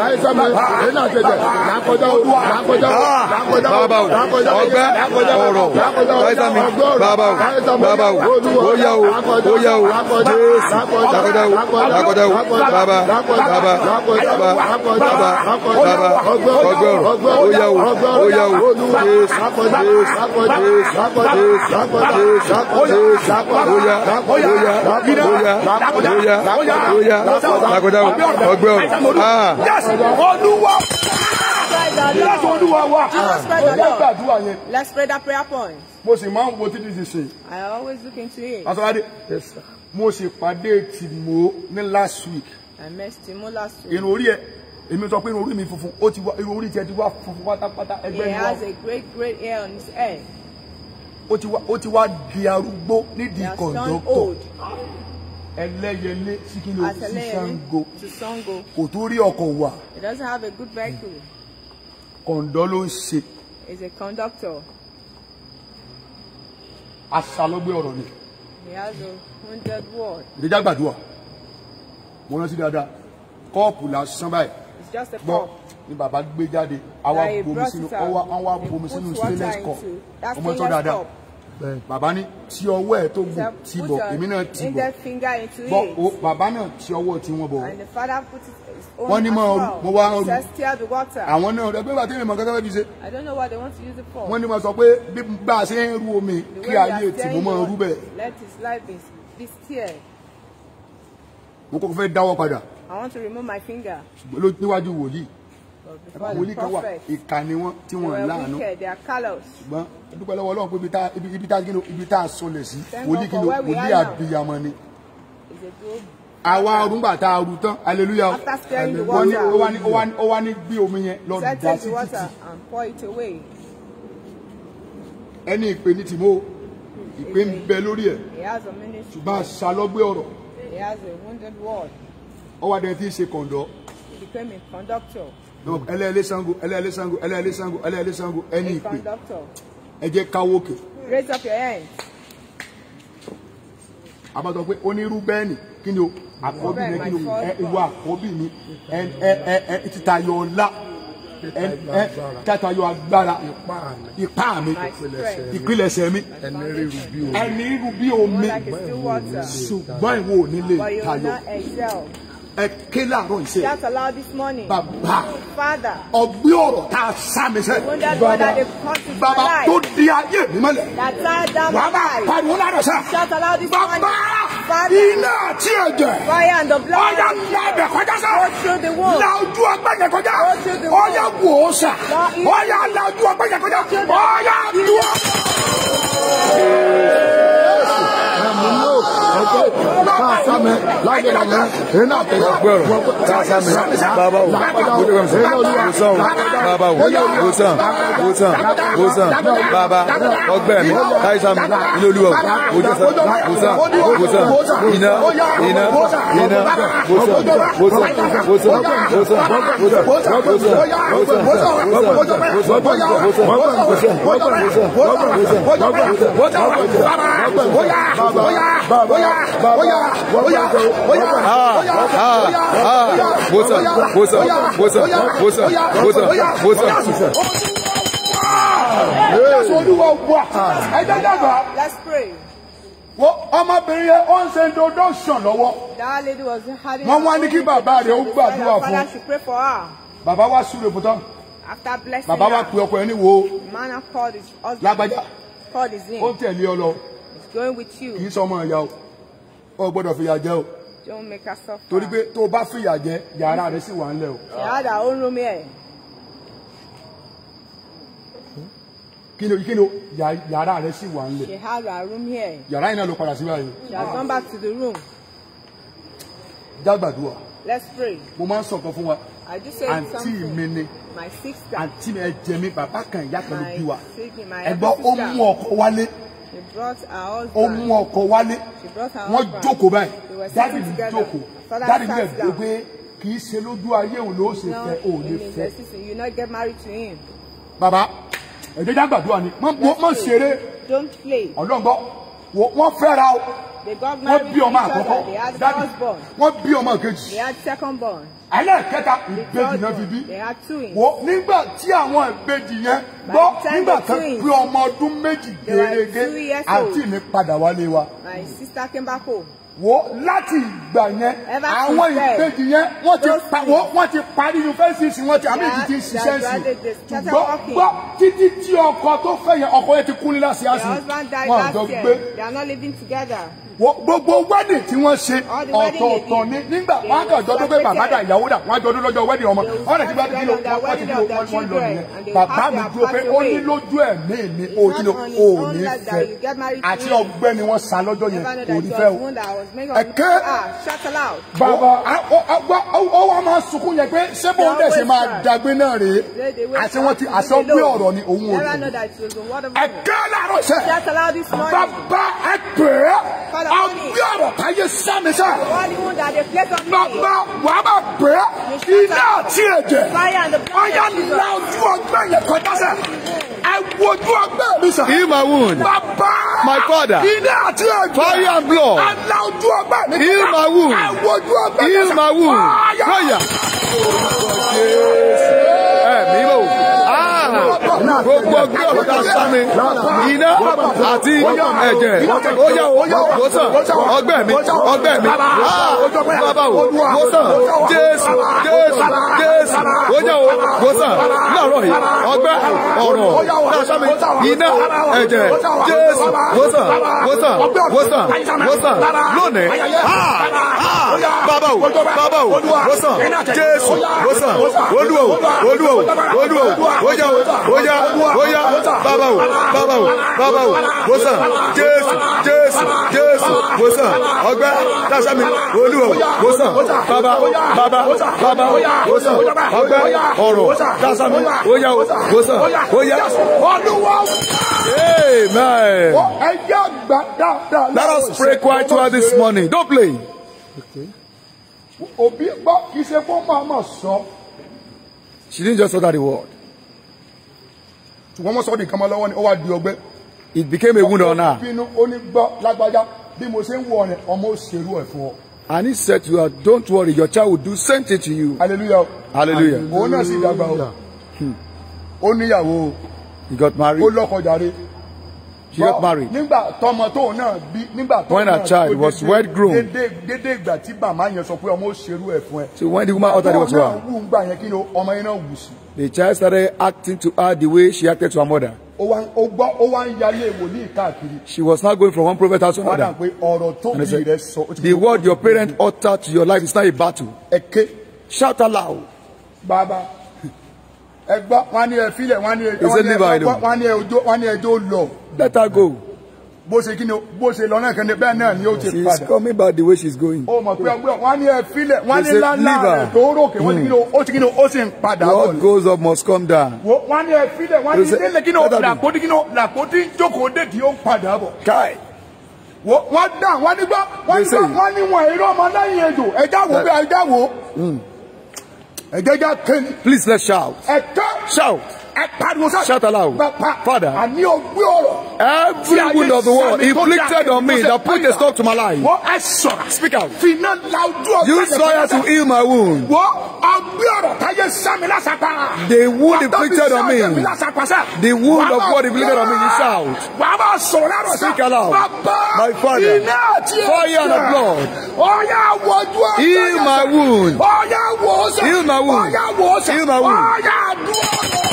àìsàmì ẹ̀nà àtẹ̀jẹ̀ làkọjá o làkọjá o làkọjá o làkọjá o ọgbẹ́ ọ̀rọ̀ àìsàmì bàbá o bàbá o bóyá o bóyá o jésù làkọjá o làkọjá o bàbá bàbá bàbá bàbá bàbá ọgbẹ́ ọ̀rọ̀ bóyá o bóyá o jésù jésù jésù jésù jésù bóyá bóyá bóyá bóyá bóyá làkọjá o ọgbẹ́ ọ̀rọ̀ ah olúwa láti olúwa let's spread that prayer point. mo sì what did you títí i always look into it. I did. Yes, sir. pàdé tìmọ́ Timo last week. i missed Timo last week. irun orí ẹ èmi sọ pé irun orí mi funfun ó ti wá irun he has a great great hair on his head. ó ti wá ó ti wá di arúgbó nídìí ẹlẹ́yẹlé sí kí ló sí Ṣàngó kò tó rí ọkọ̀ wà kọ̀ǹdọ́ ló ń ṣe asalọ́gbé ọ̀rọ̀ ni ìdíjà gbàdúrà mo rántí dáadáa kọ́ọ̀pù lásán báyìí gbọ́ ni bàbá gbé jáde àwa bomi sínú stainless cup ọmọ tó dáadáa bàbá ní tí ọwọ́ ẹ̀ tó gùn ti bọ̀ èmi náà ti bọ̀ bọ́ o bàbá náà tí ọwọ́ tí wọ́n bọ̀ wọ́n ní mo wá ọrùn àwọn náà ẹgbẹ́ bàtí mi mọ̀ kẹ́kẹ́ bẹ́ẹ̀ fi ṣe wọ́n ní mo sọ pé bí bá a ru omi kí ayé tì mo máa rú bẹ́ẹ̀ mo kọ́kọ́ fẹ́ dáwọ́ padà. I want to remove my finger. ṣùgbọ́n níwájú wòlíì wòlíì kan wà ìkà ni wọ́n tí wọ́n láàánú ṣùgbọ́n dúpẹ́ lọ́wọ́ Ọlọ́run pé ibi tá ibi tá a sọlẹ̀ sí wòlíì kí ni wòlíì àbíyamọ ni àwa ọdúngbà tá a rú tán aleluya ó wá ní gbé omi yẹn lọ dà sí títì ẹni ìpè ní tìmọ́ ìpè ń bẹ lórí ẹ̀ ṣùgbọ́n àṣàlọ́gbé ọ̀rọ̀ ó wá dẹ̀ tí ń ṣe kọ̀ǹdọ́. He became a conductor ẹlẹ́ẹ̀lẹ́ Ṣàngó ẹlẹ́ẹ̀lẹ́ Ṣàngó ẹlẹ́ẹ̀lẹ́ Ṣàngó ẹlẹ́ẹ̀lẹ́ Ṣàngó ẹni ìpè ẹ jẹ́ káwókè. raise up your hands. àbátọ pé ó ní rúbẹ́ẹ̀nì kí ni o àkọ́bí mi kí ni o ìwọ àkọ́bí mi ẹ ẹ ẹ títayọ ọlá tátayọ agbára ipá mi ìpilẹ̀ṣẹ̀ ẹ ké ìṣe. shout aloud this morning. bàbá ọgbẹ́ ọ̀rọ̀ tá a sá mi sẹ́. bàbá tó di ayé mi mọ́lẹ̀. wà pariwo láàárọ̀ sá. shout aloud this morning. bàbá iná àti ẹ̀jẹ̀. fire and the blood. ọ̀yà ńlá ẹ̀bẹ̀ kọjá sá. go through the wall. la kọjá. go the wall. wò ó sà. ọ̀yà la ojú kọjá. ọ̀yà dúró. Yes, I'm no, okay, pass, amen gbọ́rọ̀ tásàmì bàbá wò gbódògàmùsọ̀ wòsàn bàbá wò wòsàn wòsàn wòsàn bàbá ọgbẹ́mi táìsàmì ilé olúwa wòjọsàn wòsàn wòsàn iná iná iná wòsàn wòsàn wòsàn wòsàn wòsàn wòsàn wòsàn wòsàn wòsàn wòsàn wòsàn ah, ah, what's up, what's up, what's Let's pray. Wọ́n ọmọbìnrin yẹn ó ń ṣe dodo sàn lọ́wọ́. That lady wá ní kí bàbá rẹ̀ ó gbàdúrà fún. pray for her. Bàbá wa súre fún After blessing Bàbá wa pe ọkọ ẹni wo. Man called Lágbájá. Called his name. Ó tẹ̀lé ọ lọ. going with you. Kì í sọ ọmọ ìyá o. O gbọ́dọ̀ fìyà jẹ o. Don't make her suffer. Torí pé tó bá fìyà jẹ, yàrá rẹ̀ sì wà ńlẹ̀ o. Yàrá ó ń romi ẹ̀. Kí ni kí ni yàrá rẹ̀ sì wà ńlẹ̀? Yàrá romi ẹ̀. Yàrá yìí náà ló padà sí báyìí. Yàrá gone back to the room. Jágbàdúrà. Let's pray. Mo máa ń sọ nǹkan wa. I just said something. Àǹtí mi ni. My sister. Àǹtí mi ẹ jẹ kan ìyá kan ló bí wa. Ẹ ó mú ọkọ wálé ó mú ọkọ wálé wọ́n jókòó báyìí dáàdì ní jókòó dáàdì ní ẹ̀dọ́ pé kì í ṣe lójú ayé òun ló ṣe fẹ́ òun lè fẹ́. bàbá ẹ̀dẹ́dá gbàdúrà ni mọ̀ ṣeré ọlọ́ngbọ́ wọ́n fẹ́ra o wọ́n bí ọmọ àkọ́kọ́ dadi wọ́n bí ọmọ kejì ẹlẹ́ẹ̀kẹta ìbejì náà fi bí wo nígbà tí àwọn ìbejì yẹn gbọ́ nígbà tó pé ọmọ ọdún méjì gèrègé àti mi padà wálé wa wo láti ìgbà yẹn àwọn ìbejì yẹn wọ́n ti pa wo wọ́n ti parí yunifásitì wọ́n ti àmì ìdí ti ń ṣiṣẹ́ sí gbọ́ gbọ́ títí tí ọkọ tó fẹ́ yẹn ọkọ yẹn ti kú nílá sí àsìn wọn àjọ gbé gbogbo wedding tí wọ́n ṣe ọ̀tọ̀ọ̀tọ̀ ni nígbà wọn kàn jọ dúpẹ́ bàbá dà ìyàwó dà wọn jọ dúpẹ́ lọ́jọ́ wedding ọmọ ọ̀rẹ́ tí wọ́n ti dúró wọ́n ti dúró wọ́n wọ́n lọ nìyẹn bàbá mi dúró pé ó ní lójú ẹ̀mí mi ò ní lọ ò ní fẹ́ àti ọgbẹ́ ni wọ́n san lọ́jọ́ yẹn ò ní fẹ́ o. ẹ̀kẹ́ ah, bàbá ó wá máa sunkún yẹn pé ṣé bóun dẹ̀ ṣe máa dàgbé náà rèé àti wọ́n ti àṣọ gbé ọ̀rọ̀ ni òun ò ní. ẹ̀kẹ́ làárọ̀ ṣe bàbá ẹ̀pẹ́ agbé ọ̀rọ̀ táyé sámi sá. bàbá wà á máa pè é iná àti ẹ̀jẹ̀ ọ̀yà ńlá ojú ọgbẹ́ yẹn kọjá sẹ́. ẹ wojú ọgbẹ́ mi sà. he my wound. bàbá my father. iná àti ẹ̀jẹ̀ fire and blood. ńlá ojú ọgbẹ́ mi kọjá. he my wound. ẹ wojú ọgbẹ́ mi sà. he my wound. fire. fire. ẹ̀mí lò. ah gbogbo gbé òkúta sami iná àti ẹ̀jẹ̀ ó yá o mo sàn ọgbẹ́ mi ọgbẹ́ mi ah, bàbá o mo sàn jésù jésù jésù ó yá o mo sàn láàárọ̀ yìí ọgbẹ́ ọ̀rọ̀ òkúta sami iná ẹ̀jẹ̀ jésù mo sàn mo sàn mo sàn mo sàn lónìí ah, ah, bàbá o bàbá o mo sàn jésù mo sàn olúwa o olúwa o olúwa o ó yá o bóyá bóyá bàbá wò bàbá wò bàbá wò mo sàn jésù jésù jésù mo sàn mi olúwa mo sàn bàbá bàbá bàbá mo sàn ọgbẹ́ mi bóyá mo sàn bóyá. amen. let us pray quiet well this morning don't play. Okay. She didn't just utter the word ṣùgbọ́n wọ́n sọ ọ́ di lọ́wọ́ ni ó wá di ọgbẹ́. it became a wound on her. bínú ó ní gbọ́ lágbájá bí mo ṣe ń wọ ọ̀rẹ́ ọmọ òṣèlú ẹ̀ fún ọ. and he said to her don't worry your child will do same thing to you. hallelujah. hallelujah. òun náà sì dàgbà o. Hmm. ó níyàwó. he got married. ó lọ́kọ jàre. she got married. nígbà tọmọ tóun náà bí nígbà tóun náà. when her child was well grown. dédé ìgbà tí màmá yẹn sọ pé ọmọ òṣèlú ẹ̀ fún ẹ. so when the woman uttered the word to her. ọmọ náà wù ń gbà yẹn kí ni ọmọ yẹn náà wù sí the child started acting to her the way she acted to her mother. ó wá ó gbọ́ ó wá ń yálé wòlíì káàkiri. she was not going from one prophet house to another. wọ́n dà pé ọ̀rọ̀ tó bí rẹ sọ. the word your parents utter to your life is not a battle. ẹ̀kẹ́. shout aloud. Baba. ẹ gbọ́ wọ́n á ní ẹ filẹ̀ wọ́n á ní ẹ ọjọ́ wọ́n á ní ẹ ọjọ́ lọ. let her go bó ṣe kí ni bó ṣe lọ náà kẹ́ni bẹ́ẹ̀ náà ni ó ti padà. she is coming back the way she is going. o mọ̀ pé ọgbẹ́ wọn ní ẹ filẹ̀ wọn ní lánàá rẹ̀ tó rókè wọn ní kí ni ó ti kí ni ó sì ń padà bọ̀. what goes up must come down. wọn ní ẹ filẹ̀ wọn ní ilé kí ni làkótí kí ni làkótí jókòó dédìí ó ń padà bọ̀. káì wọ́n dà wọ́n ní gbọ́ wọ́n ní gbọ́ wọ́n ní wọ́n èrò ọmọ lẹ́yìn èdò ẹja wo bí ẹja wo ẹja ẹja kéde. please let's shout. ẹ̀ka shout. Shout aloud. Father, every wound of the world inflicted on me that put a stop to my life. Speak out. You saw it to heal my wound. The wound inflicted on me. The wound of God inflicted on me. You shout. Speak aloud. My Father, fire and blood. Heal my wound. Heal my wound. Heal my wound.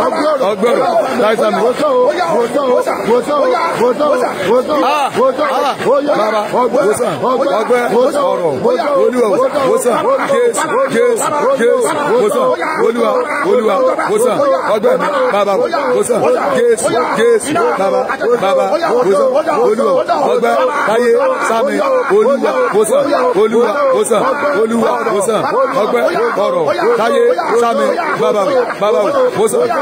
ọgbọrọ láìsí àmì. bàbá wòsàn ọgbẹ́ ọ̀rọ̀ olúwa wòsàn jésù jésù jésù wòsàn olúwa olúwa wòsàn ọgbẹ́ mi bàbá wòsàn jésù jésù bàbá bàbá wòsàn olúwa ọgbẹ́ táyé sami olúwa wòsàn olúwa wòsàn olúwa wòsàn ọgbẹ́ ọ̀rọ̀ táyé sami bàbá bàbá wòsàn.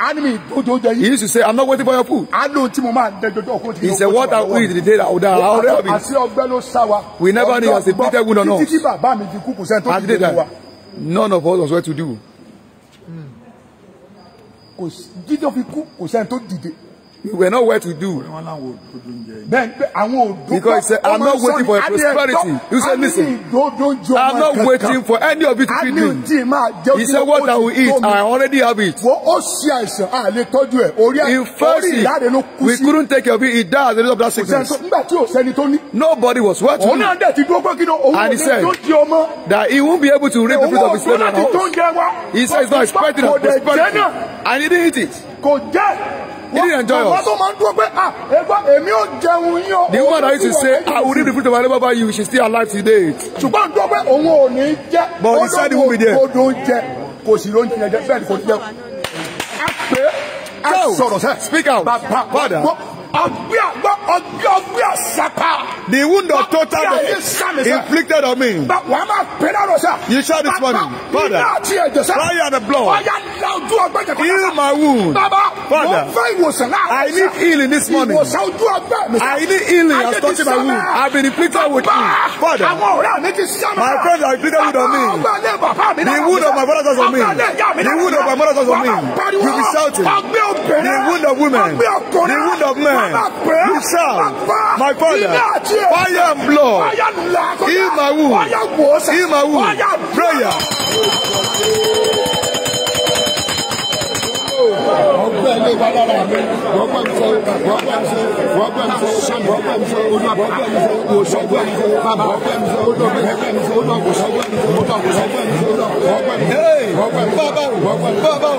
Enemy dojo jẹ yìí. He used to say, I'm not waiting for your food. A lóun tí mo máa dẹ jọjọ ọkọ He said, what I will eat the day that I will die, I will die. Àti ọgbẹ́ ló sá wa. We never knew as a bitter wound or not. Títí bàbá mi fi kú sẹ́ni tó fi dé wa. None of us was well to do. Hmm. Kò fi kú sẹ́ni tó dìde we were not well to do. Then àwọn because he said I'm not waiting for prosperity. You said listen I'm not waiting for any of it to feed me. He said what I will eat I already have it. In fact we couldn't take care of it he died as a result of that sickness. Nobody was well And he said that he won't be able to reap the fruit of his labour. He said he's not expecting prosperity and he didn't eat it he didn't enjoy us. Ah, the woman I used to say, I will reap the fruit of my labor by you, she's still alive today. But he said he won't be there. Go. Speak out. Father. The wound of total inflicted on me. You shout this morning, Father, fire and the blood, heal my wound. Father, I need healing this morning. I need healing as touching my wound. I've been inflicted with you. Father, my friends are inflicted with on me. The wound of my brothers on me. The wound of my mothers on me. You'll be shouting. The wound of women. The wound of men. Amen. You shall, my father, fire and blood, heal my wound, heal my wound. Prayer. ọgbẹ́ ilé wa lára mi wọ́pẹ́ mi fẹ́ wọ́pẹ́ mi fẹ́ wọ́pẹ́ mi fẹ́ wọ́pẹ́ mi fẹ́ olùwàpẹ́ mi fẹ́ òṣọ́gbẹ́ mi fẹ́ bàbá wọ́pẹ́ mi fẹ́ olùwàpẹ́ mi fẹ́ olùwàpẹ́ mi fẹ́ olùwàpẹ́ mi fẹ́ wọ́pẹ́ mi fẹ́ wọ́pẹ́ mi bàbá wọ́pẹ́ mi bàbá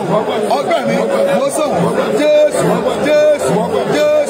ọgbẹ́ mi mọ́sán Jésù Jésù Jésù.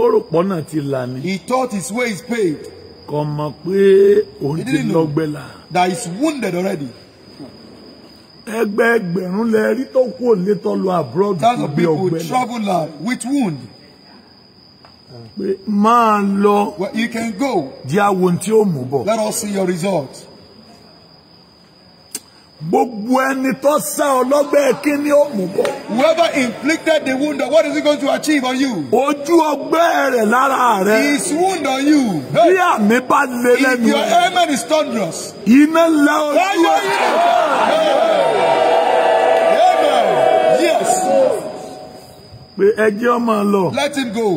ó rò pọ́ náà ti là ní. he thought his way is paved. kò mọ̀ pé òun ti lọ́gbẹ́ là. that is wounded already. ẹgbẹ́ ẹgbẹ̀rún lẹ rí tó kú òlé tó lọ abroad tó gbé ọgbẹ́ náà. thousands people travel la with wound. pé máa lọ. well you can go. jẹ́ àwọn tí ó mú bọ̀. let us see your result. Gbogbo ẹni tó sá ọlọ́gbẹ́ kí ni ó mú bọ̀. Whoever inflicted the wound, what is he going to achieve on you? Ojú ọgbẹ́ rẹ̀ lára rẹ̀. His wound on you. Bí àmì bá lé lẹ́nu. If your amen is thunderous. Iná la ojú ẹ̀. Amen. Yes. Pé ẹ jẹ́ ọmọ lọ. Let him go.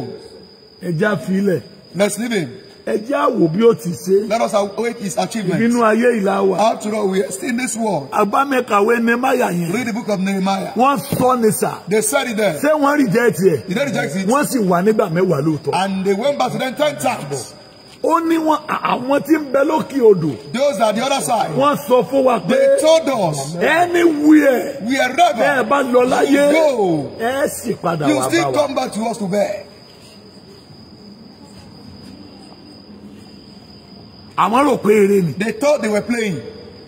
Ẹ já filẹ̀. Let's leave him ẹ jẹ́ á bí ó ti ṣe. let us await his achievement. nínú ayé ìlà wa. after all we are still in this world. agbámẹ́kàwé Nehemiah yẹn. read the book of Nehemiah. wọ́n sọ ní sà. they said it there. ṣé wọ́n reject ẹ̀. did they reject it. wọ́n sì wà nígbà mẹ́wàá lóòótọ́. and they went back to them ten times. ó ní wọn àwọn tí ń bẹ lókè odò. those are the other side. wọ́n sọ fún wa pé. they told us. anywhere. we wherever. bẹ́ẹ̀ bá lọ láyé. you go. ẹ sì padà wá bá wa. you still come back to us to bear. àwọn rò pé eré ni. they thought they were playing.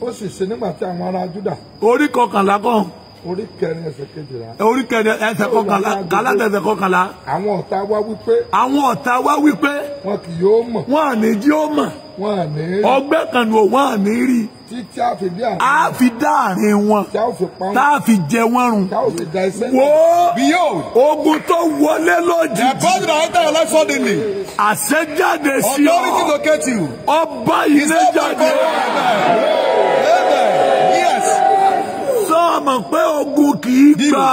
ó sì ṣe nígbà tí àwọn ará Júdà. orí kọkànlá kan orí kẹrin ẹsẹ̀ kejìlá. orí kẹrin ẹsẹ̀ kọkànlá galata ẹsẹ̀ kọkànlá. àwọn ọ̀tá wa wípé. àwọn ọ̀tá wa wípé. wọn kì yóò mọ̀. wọn à ní jí ó mọ̀. wọn à ní rí. ọgbẹ́ kan ní o wọn à ní rí. títí a fi dé àárín. a fi dá àárín wọn. tá a fi pa tá a fi jẹ wọn run. tá a fi da ẹsẹ̀. wo ogun tó wọlé lójijì. the burden of that life suddenly. àṣẹjáde sí ọ. authority Ó mọ̀ pé ogun kì í gba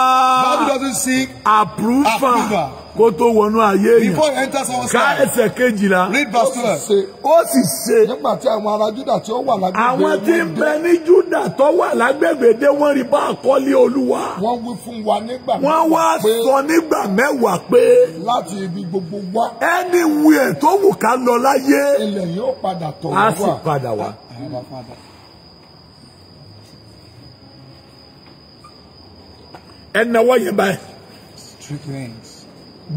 àpúrúfà kó tó wọnú ayé yẹn. Before you enter someone's life. Ká ẹsẹ̀ kejìlá. Read verse twelve. Ó sì ṣe. Nígbà tí àwọn ará Júdà tí ó wà lágbègbè. Àwọn tí ń bẹ ní Júdà tó wà lágbègbè dé wọ́n rí bá àkọ́lé Olúwa. Wọ́n wí fún wa nígbà mẹ́wàá pé. Wọ́n wá sọ nígbà mẹ́wàá pé. Láti ibi gbogbo wá. Ẹni wuyẹ̀ tó wù ká lọ láyé. Ilẹ̀ yóò padà tọ̀ wá. A sì padà wá. Àwọn ẹnna wọ́n yẹn báyìí.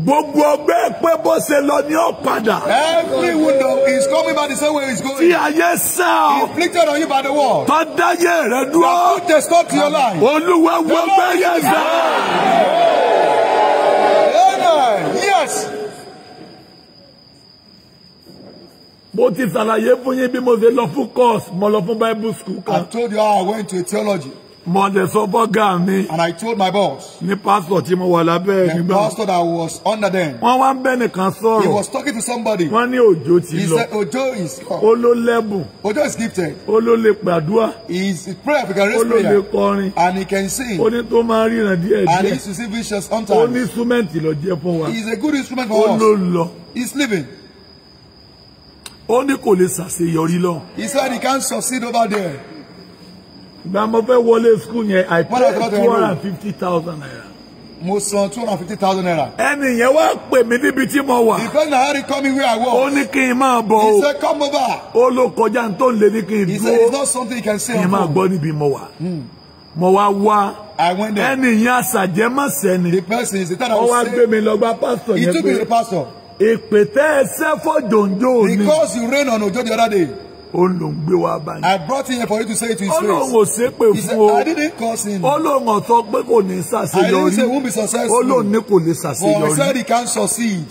Gbogbo ọgbẹ́ pé bó ṣe lọ ni ó padà. Every window is coming by the same way it's going. Tí ayé sá ọ. Inflicted on you by the world. Tọ́dáyé rẹ dúró. Put a stop to your life. Olúwa wọ ọgbẹ́ yẹn sá. Yes. Mo ti ṣàlàyé fún yín bí mo ṣe lọ fún course, mo lọ fún Bible school kan. I told you how I went to a theology. Mo dẹ̀ sọ bọ́gà mi. And I told my boss. Ní pastor tí mo wà lábẹ́ ẹ̀ nígbà. The pastor that was under them. Wọ́n wá ń bẹ́ nìkan sọ̀rọ̀. He was talking to somebody. Wọ́n ní Òjó ti lọ. He said Òjó is. Ó ló lẹ́bùn. Òjó is gifted. Ó ló lè gbàdúrà. He is prayer he can prayer. Ó ló lè kọrin. And he can sing. Ó ní tó máa ríran díẹ̀ díẹ̀. And he is receiving visions sometimes. Ó ní instrument lọ jẹ́ fún wa. He is a good instrument for us. Ó ló lọ. He is living. Ó ní kò lè ṣàṣeyọrí lọ. He said he can succeed over there ìgbà mo fẹ́ wọlé school yẹn i pay two hundred and fifty thousand naira. mo san two hundred and fifty thousand naira. ẹnì yẹn wá pè mí níbi tí mo wà. he said na harry come here i work. ó ní kí n máa bọ̀ o. he said come over. ó ló kọjá ní tó lé ní kí n dúró. he said it's not something you can say. kí n máa gbọ́ níbi mo wà. Hmm. mo wá wá. I went there. Ẹni yẹn àṣàjẹ́ má sẹ́ni. The person is the time I was saying. Ó wá gbé mi lọ gba pastor yẹn pé. He took me to the pastor. Ìpètẹ́ ẹsẹ́ fọ́ jòǹjò mi. Because you rain on Ojo the other day ó ló báyìí. I brought him here for you to say it to his face. Ọlọ́run ò ṣépè fún o. I didn't call him. Ọlọ́run ọ̀tọ́ pé kò ní ṣàṣeyọrí. I didn't say won't be successful. Ọlọ́run ní kò lè ṣàṣeyọrí. But he said he can succeed.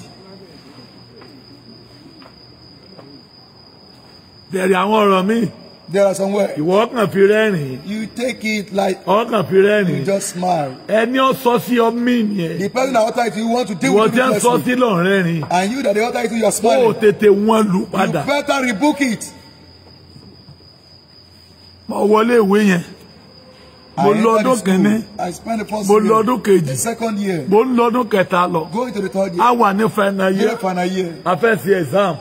Bẹ̀rẹ̀ àwọn ọ̀rọ̀ mi. There are some where Ìwọ kàn fi rẹ́rìn. You take it like. Ọkàn fi rẹ́rìn. You just smile. Ẹni ó sọ sí ọ mí nìyẹn. The person that utter if you want to deal with the person. Ìwọ tí a sọ sí lọ And you that dey utter if you are smiling. Kó o tètè wọn lù padà. You better rebook it mo wọlé ìwé yẹn mo lọ ọdún kìíní mo lọ ọdún kejì mo ń lọ ọdún kẹta lọ a wà ní final year a fẹ́ ṣe exam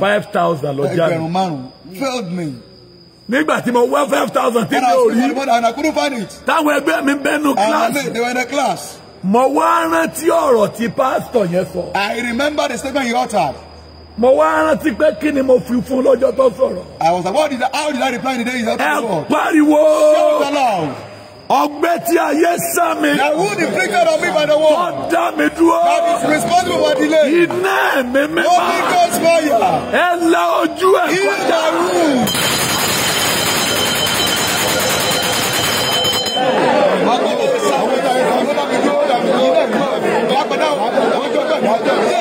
five thousand lọ jáde nígbà tí mo wá five thousand tí mi ò rí táwọn ẹgbẹ́ mi bẹ́nu class mo wá rántí ọ̀rọ̀ tí pásítọ̀ yẹn sọ. I remember the statement you uttered mo wá rántí pé kí ni mo fi fún lọ́jọ́ tó sọ̀rọ̀. I was like what did I, how did I reply in the day he said to the Lord. ẹ pariwo. shout aloud. ọgbẹ́ tí ayé sá mi. na who inflicted on me by the word. wọ́n dá mi dúró. that is responsible for delay. iná mi mi máa. Holy Ghost fire. ẹ la ojú ẹ kọjá. ilé àrùn. Agbada wo, agbada wo, agbada wo, agbada wo, agbada wo.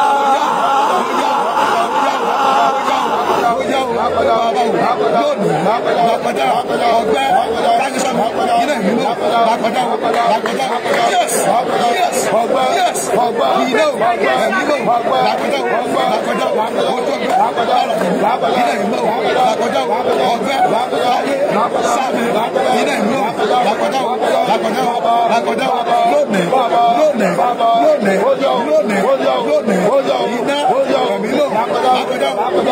Ah! lónìí bàkọ̀dá ọgbẹ́ táyísọ́nù ilé ìlú bàkọ̀dá bàkọ̀dá yes yes yes ìlú ẹ̀mílò bàkọ̀dá bàkọ̀dá ọjọ́gbẹ́ àrọ̀dẹ̀ ilé ìlú bàkọ̀dá ọgbẹ́ táyé sáàmì ilé ìlú bàkọ̀dá bàkọ̀dá bàkọ̀dá lónìí lónìí lónìí lónìí lónìí iná lágbádá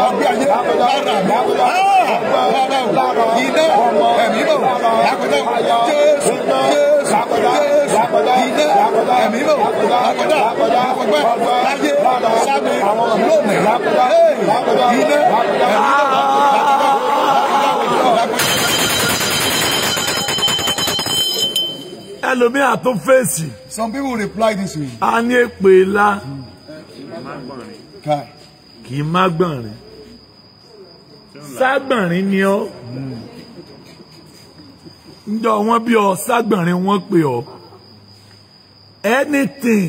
ọgbẹ́ ayé lára mi bàbá o iná ẹ̀mí bò lágbádá jésù jésù jésù iná ẹ̀mí bò lágbádá ọgbẹ́ ayé sábẹ́ lónìí iná ẹ̀mí bò lágbádá. ẹlòmíà tó fèsì. some people reply this way. a ní èpè ńlá. kai kì í má gbọ̀nrín ságbọ̀nrín ni ọ́ ǹjọ́ wọ́n bí ọ ságbọ̀nrín wọ́n pè ọ́ anything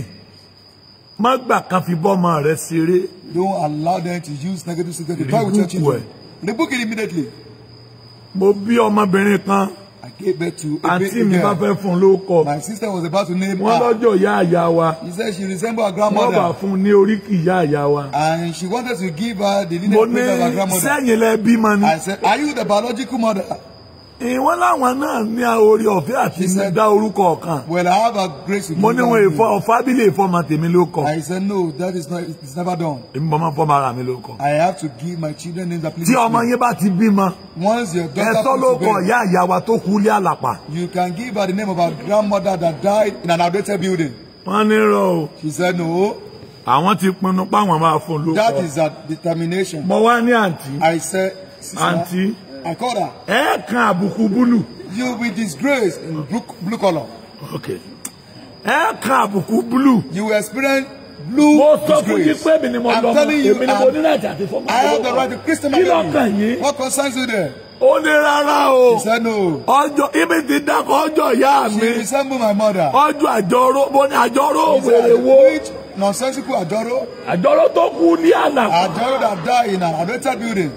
má gbà kan fi bọ́mọ rẹ ṣeré. don't allow them to use negative symptoms mo bí ọmọbìnrin kan. I gave birth to a baby girl. Àǹtí mi bá fẹ́ fún un My sister was about to name her. Wọ́n lọ́jọ́ ìyá àyà wa. He said she resembled her grandmother. Wọ́n bá fún ní oríkì ìyá àyà wa. And she wanted to give her the lineage of her grandmother. Mo ní sẹ́yìn lẹ bímọ ni. I said, are you the biological mother? ìwọ́n láwọn náà ní orí ọ̀fẹ́ àti ní dá orúkọ kan. well I have a grace in you. mo ní wọn ìfọ fábílì ìfọmọ tèmi ló kọ. I said no that is not it's never done. èmi bọ́ máa fọ́ mara mi ló kọ. I have to give my children names that please. tí ọmọ yín bá ti bímọ. once your daughter comes to bed. ẹ̀tọ́ ló kọ ìyá ìyá wa tó kú lé àlàpà. you can give her the name of her grandmother that died in an outdated building. wọ́n ní rọ o. she said no àwọn ti pinnu páwọn máa fún lóko. that is a determination. mo wá ní àǹtí. I said sister. àǹtí. Akora. Ẹ kan àbùkù búlù. You will be disgraced in blue, blue color. Okay. Ẹ kan àbùkù búlù. You will experience blue mo sọ fún yín pé èmi ni mo lọ mọ èmi ni mo ní láti àti fọmọ ìwọ kí ló kàn yín. what concerns you there. ó ní rárá o ọjọ́ ibi ti dákọ ọjọ́ ìyá mi ọjọ́ àjọrò mo ní àjọrò wèrè wo. nonsensical àjọrò. àjọrò tó kú ní àná. àjọrò that die in an outdated building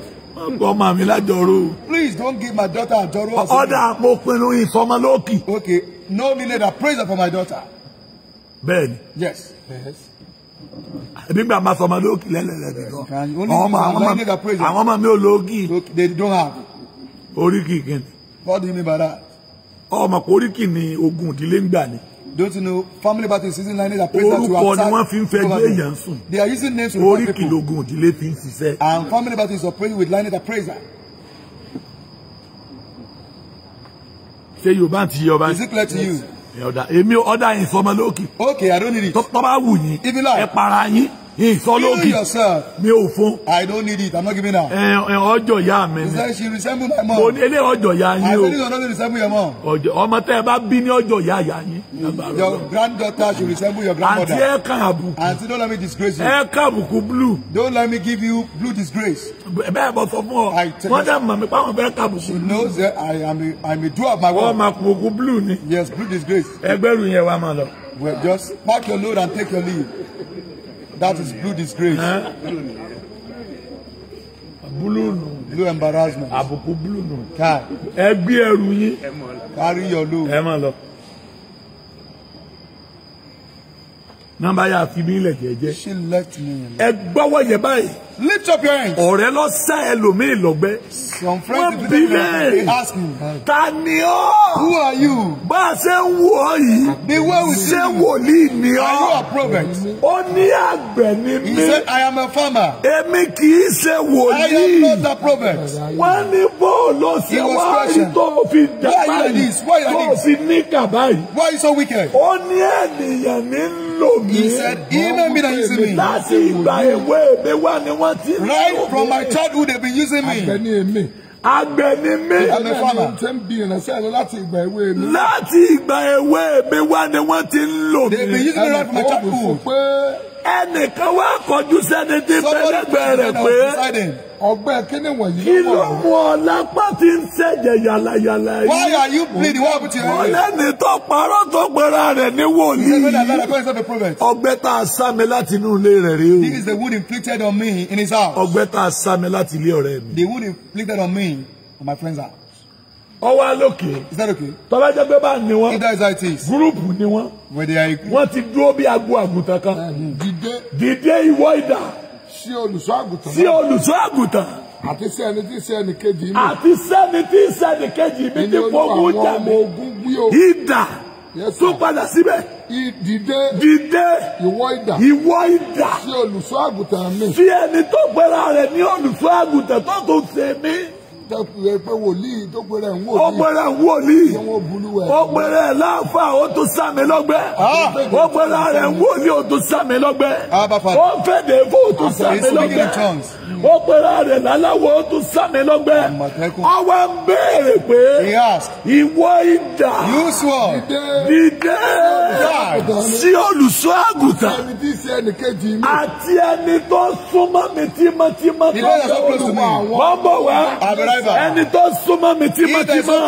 ọmọ mi lájọrú. please don't give my daughter àjọrú. ọ̀dà àpò pinnu ìfọmọlókì. okay no need a praise for my daughter. bẹ́ẹ̀ni. yes. yes ebi gba ma sọmọ lókì lẹlẹlẹbi gan àwọn ọmọ mi ò lókì. they don't have. oríkì kìíní. what do you mean by that. ọmọ kò oríkì ni ogun ìdílé ń gbà ni. Don't you know family battle is using language that praise that you have sacked. Orúkọ ni They are using names to refer people. Orí kìlógún òdìlé fi ń And family battle is operating with language that praise Say you Yorùbá ti yé Is it clear to you? Ọ̀dà èmi ọ̀dà yìí fọmọ Okay, I don't need it. Tọ́ like ìsọlókì mi ò fún. I don't need it I'm not giving up. ẹ ẹ ọjọ́ ìyá mi she said she resemble my mom. mo ní ilé ọjọ́ ìyá yín o. I said you don't resemble your mom. ọjọ́ ọmọ tẹ ẹ bá bí ní ọjọ́ ìyá ìyá yín. your granddaughter should resemble your grandmother. àti ẹ kàn àbùkù. àti don't let me disgrace you. ẹ kàn àbùkù blue. don't let me give you blue disgrace. bẹ́ẹ̀ bọ̀ sọ fún ọ wọ́n dẹ̀ mọ̀ mi pé àwọn fẹ́ kàn àbùkù. she knows that I am a I am a doer of my work. wọ́n máa blue ni. yes blue disgrace. ẹgbẹ́rù yẹn wà máa lọ. well just pack your load and take your leave. That is blue disgrace. Huh? Blue embarrassment. Àbùkù blue no. Ká. ẹrù yín. Ẹ mọ̀ lọ. Carry your load. Ẹ mọ̀ lọ. nàmbá yà fi mí lẹ̀ jẹ́jẹ́. she left me. ẹ gbọ́wọ́ yẹ báyìí. lift up your hands. ọ̀rẹ́ lọ sá ẹlòmíì lọ́gbẹ́. some friends wọ́n bí lẹ́ẹ̀. they ask me. ta ni ọ́. who are you. bá a ṣe ń wò yìí. the way we see you. ṣé wòlíì ni ọ́. are you a prophet. ó ní àgbẹ̀ ni mí. he said I am a farmer. èmi kì í ṣe wòlíì. I am not a prophet. wọ́n ní bó ló ṣe wá rí tó fi dà báyìí. why are this why are this. tó fi ní kà why you so wicked. ó ní ènìyàn ní lòmí. He said, Even me that using me. Láti ìgbà èwe èmi wá ni wọ́n ti rí. Right from my childhood They've been using me. Àgbẹ̀ni èmi. Àgbẹ̀ni mi. Àgbẹ̀ni mi tẹ́ ń bí ìrìnàṣẹ́ rẹ láti ìgbà èwe mi. Láti ìgbà èwe mi wá ni wọ́n ti ń lò mí. They been using me right from my childhood ẹnìkan wá kọjú sẹ́ni tí pẹlẹgbẹ rẹ pé ọgbẹ́ kíni wọ̀nyí. kí ló mú ọ lápá tí ń ṣẹ̀jẹ̀ yàlàyàlà yìí. why are you bleeding why put you heard? ọlẹ́ni tó parọ́ tó pera rẹ̀ ní wòlíì. ọgbẹ́ tá a sá mi láti inú ilé rẹ̀ rí o. this is the wound inflicted on me in his house. ọgbẹ́ tá a sá mi láti ilé ọ̀rẹ́ mi. the wound inflicted on me on my friend's house. ọwọ́ alókè. is that okay. tọ́lá jẹ́ pé bá ní wọn. either is that it is. gúrúùpù ni wọn. where they are. wọ́n ti dúró bí dìde. dìde ìwọ idà. sí olùṣọ́ àgùntàn. sí olùṣọ́ àgùntàn. àti sẹ́ni tí sẹ́ni kejì mi. àti sẹ́ni tí sẹ́ni kejì mi ti fọ́gùn jà mí. idà tó padà síbẹ̀. dìde. dìde. ìwọ idà. ìwọ idà. sí olùṣọ́ àgùntàn mi. sí ẹni tó pẹ́ra rẹ̀ ní olùṣọ́ àgùntàn tó tó ṣe tẹ́kùrẹ́ pé wòlíì tó pèrè ń wòlíì. ó pèrè ń wòlíì. ó pèrè láàfà ó tún sàmì lọ́gbẹ́. Ah! ó pèrè ń wòlíì ó tún sàmì lọ́gbẹ́. Ah, ó fèdè fún ó tún sàmì lọ́gbẹ́ ó pera rẹ̀ láláwo ó tún sàmì lọ́gbẹ́ àwa ń béèrè pé ìwọ idà dìde sí olùṣọ́ àgùntàn àti ẹni tó súnmọ́ mi tímọ́tímọ́ wọ́n bọ̀ wá ẹni tó súnmọ́ mi tímọ́tímọ́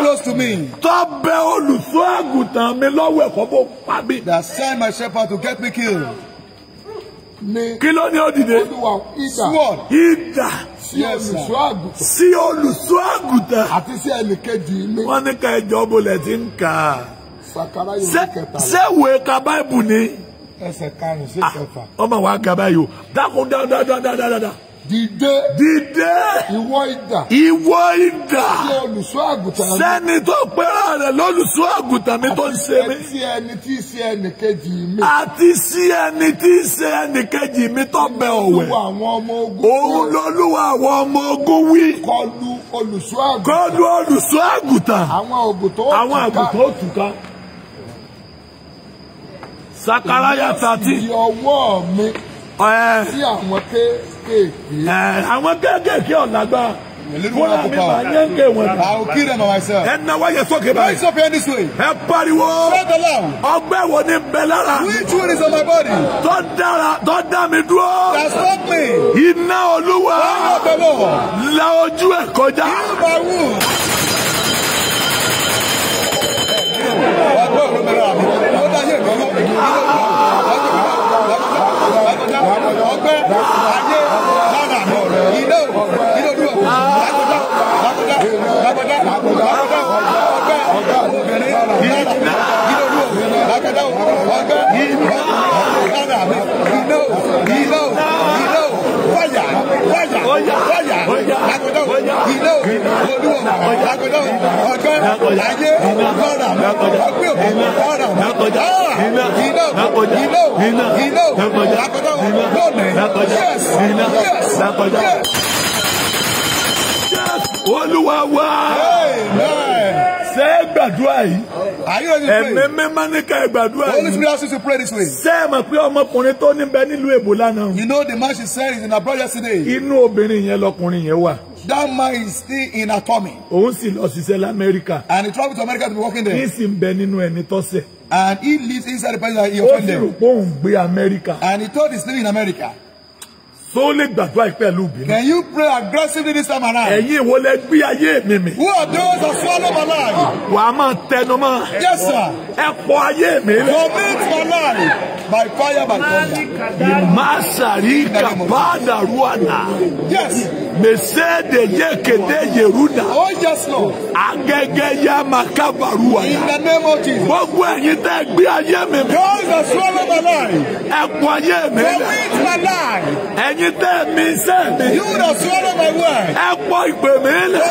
tó bẹ olùṣọ́ àgùntàn mi lọ́wọ́ ẹ̀kọ́ bó pa mí. that send my shepherd to get me killed kí ló ní ó dìde ìdà sí olùṣọ́ àgùntàn àti sí ẹnìkejì wọ́n ní ká ẹjọ́ bolẹ̀ ti ń kà á. sẹ́wèé ka báìbù ni. ẹsẹ̀ karùn-ún sí ah, kẹfà. ọmọ wa ka báyìí o dákun dáadáa dáadáa dáadáa. Dìde. Dìde. Ìwọ idà. Ìwọ idà. Ṣé olùṣọ́ àgùntàn mi? Sẹ́ni tó pẹ́ra rẹ̀ lólùṣọ́ àgùntàn mi tó ń ṣe mí. Àti sí ẹni tí í ṣe ẹnì kejì mi. Àti sí ẹni tí í ṣe ẹnì kejì mi tó bẹ ọ̀wẹ̀. Olúwa àwọn ọmọ ogun wí. Òun lolúwa àwọn ọmọ ogun wí. Kọlù olùṣọ́ àgùntàn. Kọlù olùṣọ́ àgùntàn. Àwọn ògùntàn ó tùká. Àwọn àgùntàn ó tùká. Sakaraya thirteen. Ìyọ̀wọ́ mi. Eh. sí àwọn kéékèèké. Eh, àwọn kéékèèké ọ̀làgbà fúnra mi máa ń yẹn ké wọn. I will kill them by myself. ẹ na wáyé sókè báyìí. raise up your hand this way. ẹ pariwo. say ọgbẹ́ wo ni bẹ lára. which one is on my body. tó dára tó dá mi dúró. that stop me. iná olúwa. wọ́n yọ bẹ́ẹ̀ lọ. adé lára ilé o ilé olúwa lágbọdá lágbọdá lágbọdá lágbọdá ọgbẹ obìnrin ìyára ilé olúwa lágbọdá ọgbẹ ìgbà lára ilé o ilé o bọ́yà agbẹ̀dọ̀ ìlò olúwọ̀ agbẹ̀dọ̀ ọjọ́ ayé lọ́ra ọgbẹ́ ọ̀rọ̀ ọ̀rọ̀ ìlò ìlò ìlò agbẹ̀dọ̀ lónìí yes yes olúwa wá gbàdúrà yìí. Are you ready to pray? Ẹ̀mí mímọ́ ní ká ẹ gbàdúrà yìí. Holy Spirit asks you to pray this way. Ṣé ẹ mọ̀ pé ọmọkùnrin tó ní bẹ nílùú Èbó lánàá? You know the man she said is in abroad yesterday. Inú obìnrin yẹn lọkùnrin yẹn wà. That man is still in her tummy. Òun sì lọ ṣiṣẹ́ l'Amẹ́ríkà. And he travel to America to be working there. Ní sì ń bẹ nínú ẹni tọ́sẹ̀. And he lives inside the place that he offended. Ó sì rò pé òun gbé Amẹ́ríkà. And he told his living in America. So le gbàdúrà yìí pẹ̀lú ìbínú. Can you pray aggressively this time around? Ẹ̀yin wo lẹ gbé ayé mi mì? Who are those that swallow my life? Wàá máa tẹnu mọ́. Yes sir. Ẹ pọ ayé mi rẹ. Commit my life by fire by thunder. Ìmásàrí kàbáàdà rúànà. Yes. Mèsè de yé kéde Yerúdà. Oh yes Lord. Agẹ́gẹ́ yá máa kábàrú wàdà. In the name of Jesus. Gbogbo ẹ̀yin tẹ́ gbé ayé mi mì. Those that swallow my life. Ẹ pọ ayé mi rẹ. Commit my life. Ẹ̀yin ẹ̀yin tẹ́ mi sẹ́mi. You would have swallowed my word. Ẹ pọ ìpè mi lẹ̀.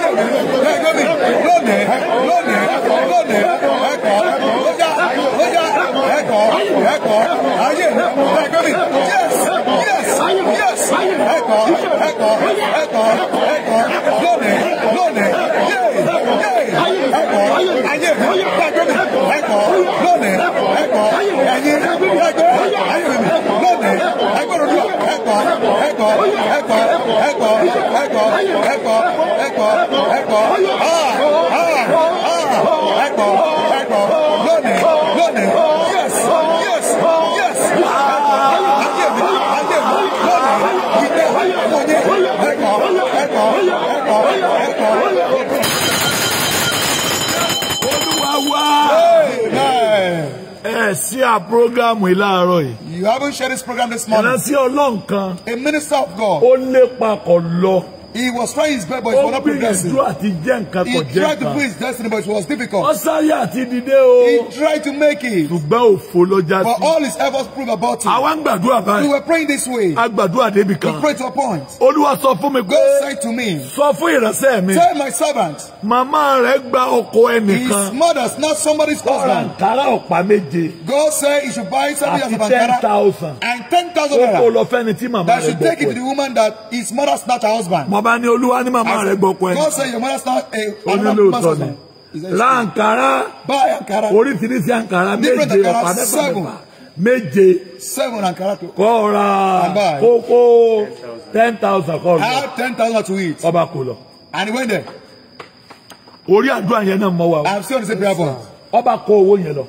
Lónìí, lónìí, lónìí, lónìí, ẹ̀kọ́, ẹ̀kọ́, ó dá ẹ̀kọ́ ẹ̀kọ́ ayé ẹ̀kọ́ni yes yes yes ẹ̀kọ́ ẹ̀kọ́ ẹ̀kọ́ ẹ̀kọ́ lónìí lónìí yéé yéé ẹ̀kọ́ ayé ẹ̀kọ́ni ẹ̀kọ́ lónìí ẹ̀kọ́ ẹ̀yìn ẹ̀kọ́ ayé lónìí ẹ̀kọ́ ẹ̀kọ́ ẹ̀kọ́ ẹ̀kọ́ ẹ̀kọ́ ẹ̀kọ́ ẹ̀kọ́ ẹ̀kọ́ ẹ̀kọ́ ẹ̀kọ́ ah. sí àpúrógámù yìí láàárọ̀ yìí. you haven't shared this program this morning. ìrántí ọlọ́run kan. a minister of God. ó lépa kọ̀ lọ. He was trying his best, but he was not progressing. He tried to put his destiny, but it was difficult. He tried to make it. But all his efforts prove about him. We were praying this way. We prayed to a point. God said to me, Tell my servant. Màmá rẹ̀ gba ọkọ ẹnìkan. His mother is not somebody's husband. Ọ̀rọ̀ ọ̀pá méje. God said, he should buy seven years of àǹkárá. Àti ten thousand. And ten thousand naira. Kókó lọ fẹ́ni tí màmá rẹ̀ gbọ́. That should take it to the woman that his mother is not her husband. Màmá ni Olúwa ní màmá rẹ̀ gbọ́ ọkọ God said, your mother is not a eh, woman's husband. Ra Ankara, Buy Ankara. Oríṣiríṣi Ankara. méje ọ̀pá mẹ́fà mẹ́fà méje seven ankara to kó ra kókó ten thousand kó ra ten thousand to eat ọba kò lọ. and he went there orí àdúrà yẹn náà mọ wa o. i'm still on the same prayer point. ọba kó owó yẹn lọ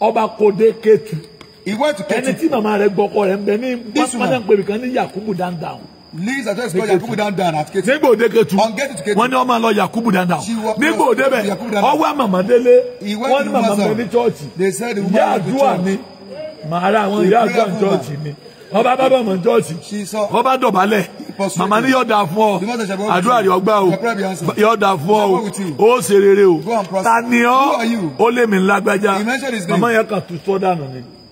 ọba kó dé kéétu. ìwé ètò kéétu ẹni tí màmá rẹ gbọkọ rẹ ń bẹ ní pátá ń pèbí kan ní yakubu dandan. Liz àti ẹsẹ̀ Yakubu dandan at Ketu. Nígbà òde Ketu, wọ́n ní ọmọ lọ Yakubu dandan. Nígbà òde bẹ̀, ọwọ́ àmàmà délé, wọ́n ní màmá mi ní chọ́ọ̀chì. Yá àdúrà mi, màá ra àwọn yá àdúrà chọ́ọ̀chì mi ọba bá bàmọ̀ jọ́ọ̀sì ọba dọ̀bálẹ̀ màmá ní yọ̀dà fún ọ àdúrà rẹ̀ ọgbà o yọ̀dà fún ọ o ó ṣe rere o ta ni ọ ó lè mí lágbájá màmá yẹn kà tún sọ́dà nù ni.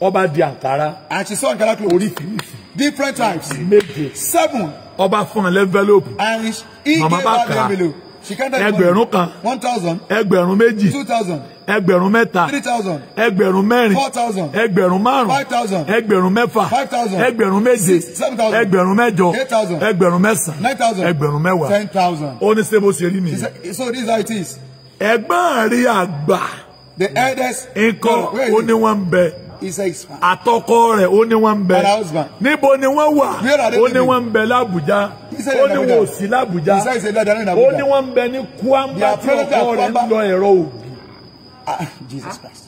ọba di àǹkárá. and she saw àǹkárá cloth. oríṣiríṣi. different types. méje. seven. ọba fún un envelope. and he Mama gave her the envelope. she counted the money. ẹgbẹ̀rún kan. one thousand. ẹgbẹ̀rún méjì. two thousand. ẹgbẹ̀rún mẹ́ta. three thousand. ẹgbẹ̀rún mẹ́rin. four thousand. ẹgbẹ̀rún márùn. five thousand. ẹgbẹ̀rún mẹ́fà. five thousand. ẹgbẹ̀rún méje. seven thousand. ẹgbẹ̀rún mẹ́jọ. eight thousand. ẹgbẹ̀rún mẹ́sàn. nine thousand. ẹgbẹ̀rún mẹ́wàá. ten thousand. ó ní sẹ́bó ṣe rí nìyẹn. so this is how it is. ẹ̀gbọ́n rí àgbà. the eldest. nǹkan ó ní wọ́n ń bẹ is his husband. àtọkọ rẹ̀ ó ní wọ́n ń bẹ. her husband. níbo ni wọ́n wà. where are they living. ó ní wọ́n ń bẹ l'Abuja. he said ó ní wọ́n ò sí l'Abuja. he said he said that they are in Abuja. ó ní wọ́n ń bẹ ní Kwamba tí ọkọ rẹ̀ ń lọ ẹ̀rọ òbí. Ah, Jesus Christ.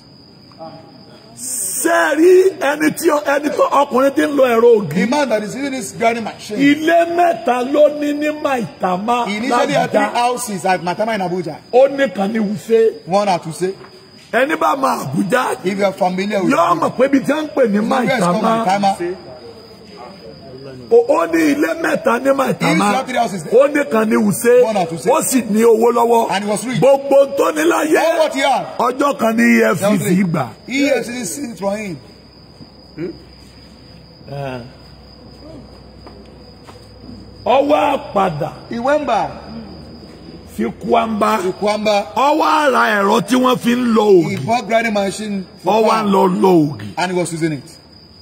ṣé rí ẹni tí ẹni tó ọkùnrin tí ń lọ ẹ̀rọ ògì. the man that is using this grinding machine. ilé mẹ́ta ló ní ní Maitama l'Abuja. he initially had three houses at Maitama in Abuja. ó ní kan ní Wuse. one at Wuse ẹni bá ma Àbújá yóò mọ̀ pé ibi tí wọ́n ń pè ní Maitama ó ní ilé mẹ́ta ní Maitama ó ní kan ní Wuse ó sì ní owó lọ́wọ́ gbogbo tó ní láyé ọjọ́ kan ní EFCC gbà. EFCC sin for him. ọwọ́ àpàdà. he went back fi kwamba. fi kwamba. ọwọ́ ara ẹ̀rọ tí wọ́n fi ń lo ògì. he bought grinding machine for farm. ọwọ́ ń lọ lo ògì. and he was using it.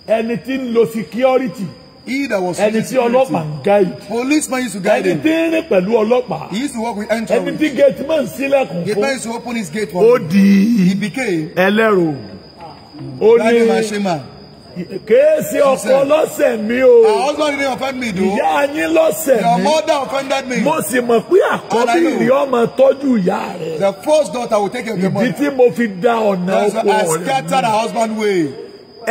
ẹni tí ń lo security. he that was using security. ẹni tí ọlọ́pàá ń guide. policeman used to guide him. ẹni tí ń rìn pẹ̀lú ọlọ́pàá. he used to work with entrance. ẹni tí gate man sílẹ̀kùn fún. the man used to open his gate for him. ó di ẹlẹ́rọ. ó ní grinding machine man kéésì ọkọ lọ́sẹ̀ mi o. my husband didn't offend me though. ìyá yín lọ́sẹ̀ mi. your mother offended me. mo sì mọ̀ pé àkọ́bí rí ọmọ tọ́jú ìyá rẹ̀. the first daughter will take care of the money. ìdí tí mo fi da ọ̀nà ọkọ rẹ̀. I scattered her husband way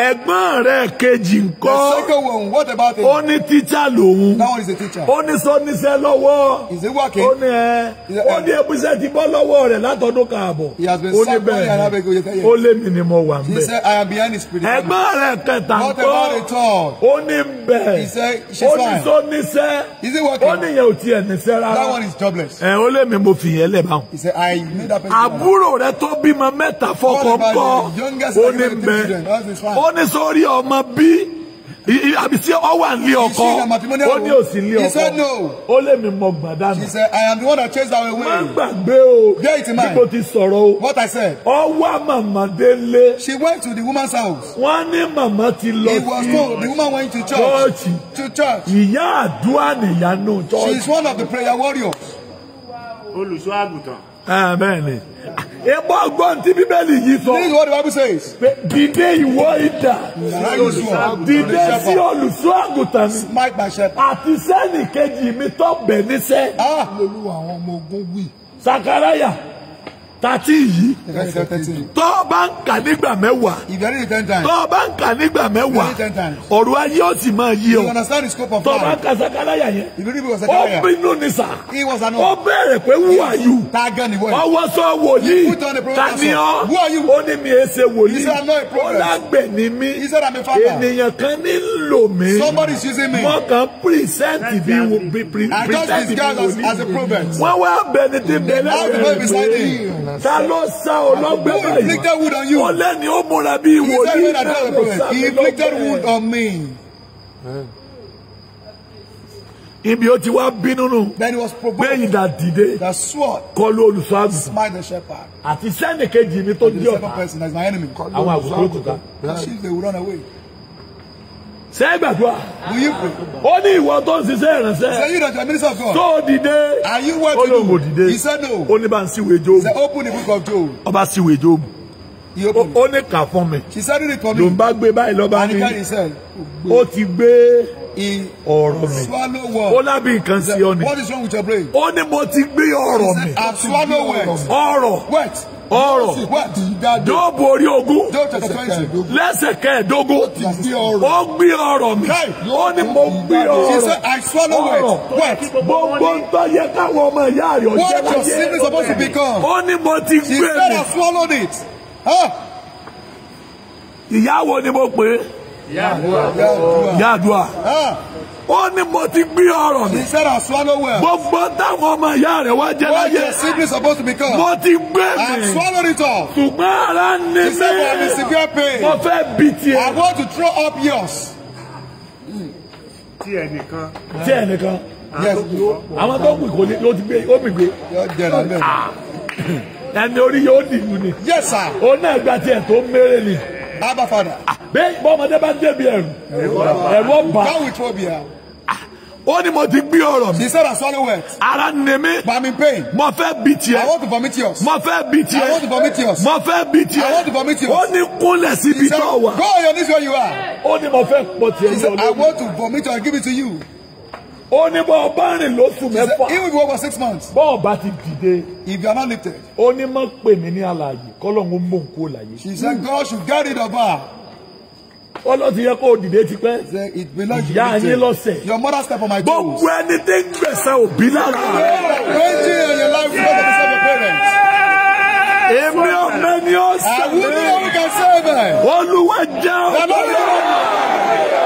ẹ̀gbọ́n rẹ̀ kejì ńkọ́. the second one what about him. ó ní tíṣà lòun. that one is a teacher. ó ní sọ níṣẹ́ lọ́wọ́. is he working. ó ní ẹ ó ní ebúṣẹ́ ti bọ́ lọ́wọ́ rẹ̀ látọdún kààbọ̀. he has been sacked by arabic oye kẹyẹ. ó lé mi ni mo wà nbẹ. he said I am behind his spirit. ẹ̀gbọ́n rẹ̀ kẹta ńkọ́. what about the third. ó ní bẹ̀. he said she is fine. ó ní sọ níṣẹ́. is he working. ó ní yẹn ò tiẹ̀ níṣẹ́ rárá. that one is jobless. ẹ ó lé mi mo fi yẹn lẹ̀ báwọn. he said I made that person. àbúrò rẹ̀ tó bímọ mẹ́ta fọ́kọ̀ ńkọ́. ó ní bẹ̀ ó ní sórí ọmọ bí àbí sí ọ wà nílé ọkọ ó ní òsì nílé ọkọ ó lè mi mọ gbàdánù. she said I am the one that chased her away. má gbàgbé o bear it in mind nípo ti sọ̀rọ̀ o. what I said. ọ wá màmá délé. she went to the woman's house. wọ́n ní màmá ti lọ sí. it was told the woman went to church. to church. ìyá àdúrà nìyá nù she is one of the prayer warriors. olùṣọ́ àgùntàn. Ah, bẹ́ẹ̀ ni. Ebo gbọ́ ti bíbélì yìí sọ. This is what the Bible says. Dìde ìwọ idà. Dìde sí olùṣọ́ àgùntàn mi. Smite my shepherd. Àti sẹ́nì kejì mi tó bẹ̀ níṣẹ́. Ah! Olúwa àwọn ọmọ ogun wì. Sakaraya thirteen yìí tó bá ń kà nígbà mẹ́wàá tó bá ń kà nígbà mẹ́wàá ọ̀rọ̀ ayé ó sì máa yí o tó bá ń kà sakalaya yẹn ó bínú ni sà ó bẹ̀rẹ̀ pé who are you ọwọ́ sọ wòlíì tani ọ́ ó ní mi èsè wòlíì ó lágbẹ̀ ní mi ènìyàn kan ní lò mí wọ́n kàn pírísẹ́ǹtì bí wòlíì wọ́n wá bẹni tí bẹ̀rẹ̀ rẹ̀ wòlíì ta ló sá ọlọ́gbẹ́ báyìí ó lẹ́ni ó múra bí wòlíì náà ló sá mi lọ́gbẹ́. Ibi ó ti wá bínú nù. Gbẹ̀yìn dà dìde. Kọlu olùṣọ́àgùn. Àti sẹ́nìkejì mi tó di ọ̀tá. Àwọn àgùntàn kò ká ṣé gbàdúrà. ó ní ìwọ tó ń ṣiṣẹ́ ìránṣẹ́. ṣe yín ìdájọ́ minister tó dìde. are you what olóòwò dìde. he said no. ó ní bá ń síwèé Job. ṣe open the book of Job. ọba síwèé Job. ó ní kà fún mi. me. ló ń bá gbé báyìí lọ́ba ní. ó ti gbé ọ̀rọ̀ mi. ó lábí nǹkan sí ọ ni. what is wrong with your brain. ó ní mo ti gbé ọ̀rọ̀ mi. swallow words. ọ̀rọ̀ ọ̀rọ̀ Jóòbù orí ogún lẹ́sẹ̀kẹẹ̀dógún ó gbé ọ̀rọ̀ mi ó ní mo gbé ọ̀rọ̀ ọ̀rọ̀ gbogbo ń tọ́ yẹ káwọn ọmọ ìyá rẹ̀ ọ̀jẹ́ láyé ó ní mo ti gbé mi ìyàwó ni mo pè é yàdùà ó ní mo ti gbé ọrọ̀ mi. he said I swallow well. gbogbo táwọn ọmọ ìyá rẹ̀ wá jẹ́ láyé. what your sibling supposed to become. mo ti gbé mi. I swallowed it all. ṣùgbọ́n ara ń ní mi. he said for am severe pain. mo fẹ́ bí tiẹ̀. I want to throw up yours. tiẹ̀ nìkan. tiẹ̀ nìkan. àwọn tó kù kò ní ló ti gbé ó mi gbé. Ah. ẹni orí yóò dìbò ni. yes sir. òun náà gba tiẹ̀ tó mérè ni. Abba Father. Ah, bẹ́ẹ̀ bọ́mọdé bá débi ẹ̀rù ẹ̀rù ọba. báwo tí o bí ya ó ní mo ti gbé ọ̀rọ̀ mi. she said her swallow wet. ara nì mí. but i'm in pain. mo fẹ́ bí tiẹ̀. i want to vomit yours. mo fẹ́ bí tiẹ̀. i want to vomit yours. mo fẹ́ bí tiẹ̀. i want to vomit yours. ó ní kúnlẹ̀ síbi tó wà. go on your knees where you are. ó ní mo fẹ́ pọ̀ tiẹ̀ ní i want to vomit yours give it to you ó ní bọ́ ọba rìn lóṣù mẹ́fà. he will be for six months. bọ́ ọba ti dìde. if you are not lifted. ó ní má pè mí ní alààyè kọ́lọ́hún mò ń kó láyé. she said God should get rid of her. ọlọ́run ti yẹ kó o dìde tipẹ́. it belongs to you. ìyá yín lọ́sẹ̀. your mother step on my toes. gbogbo ẹni tí ń gbèsè òbí lára. twenty in your life you no go be your parents. èmi ò mẹ́ni ó sẹ́wọ̀n. àwọn ènìyàn kan sẹ́wọ̀n. olúwa jẹ́ òbí.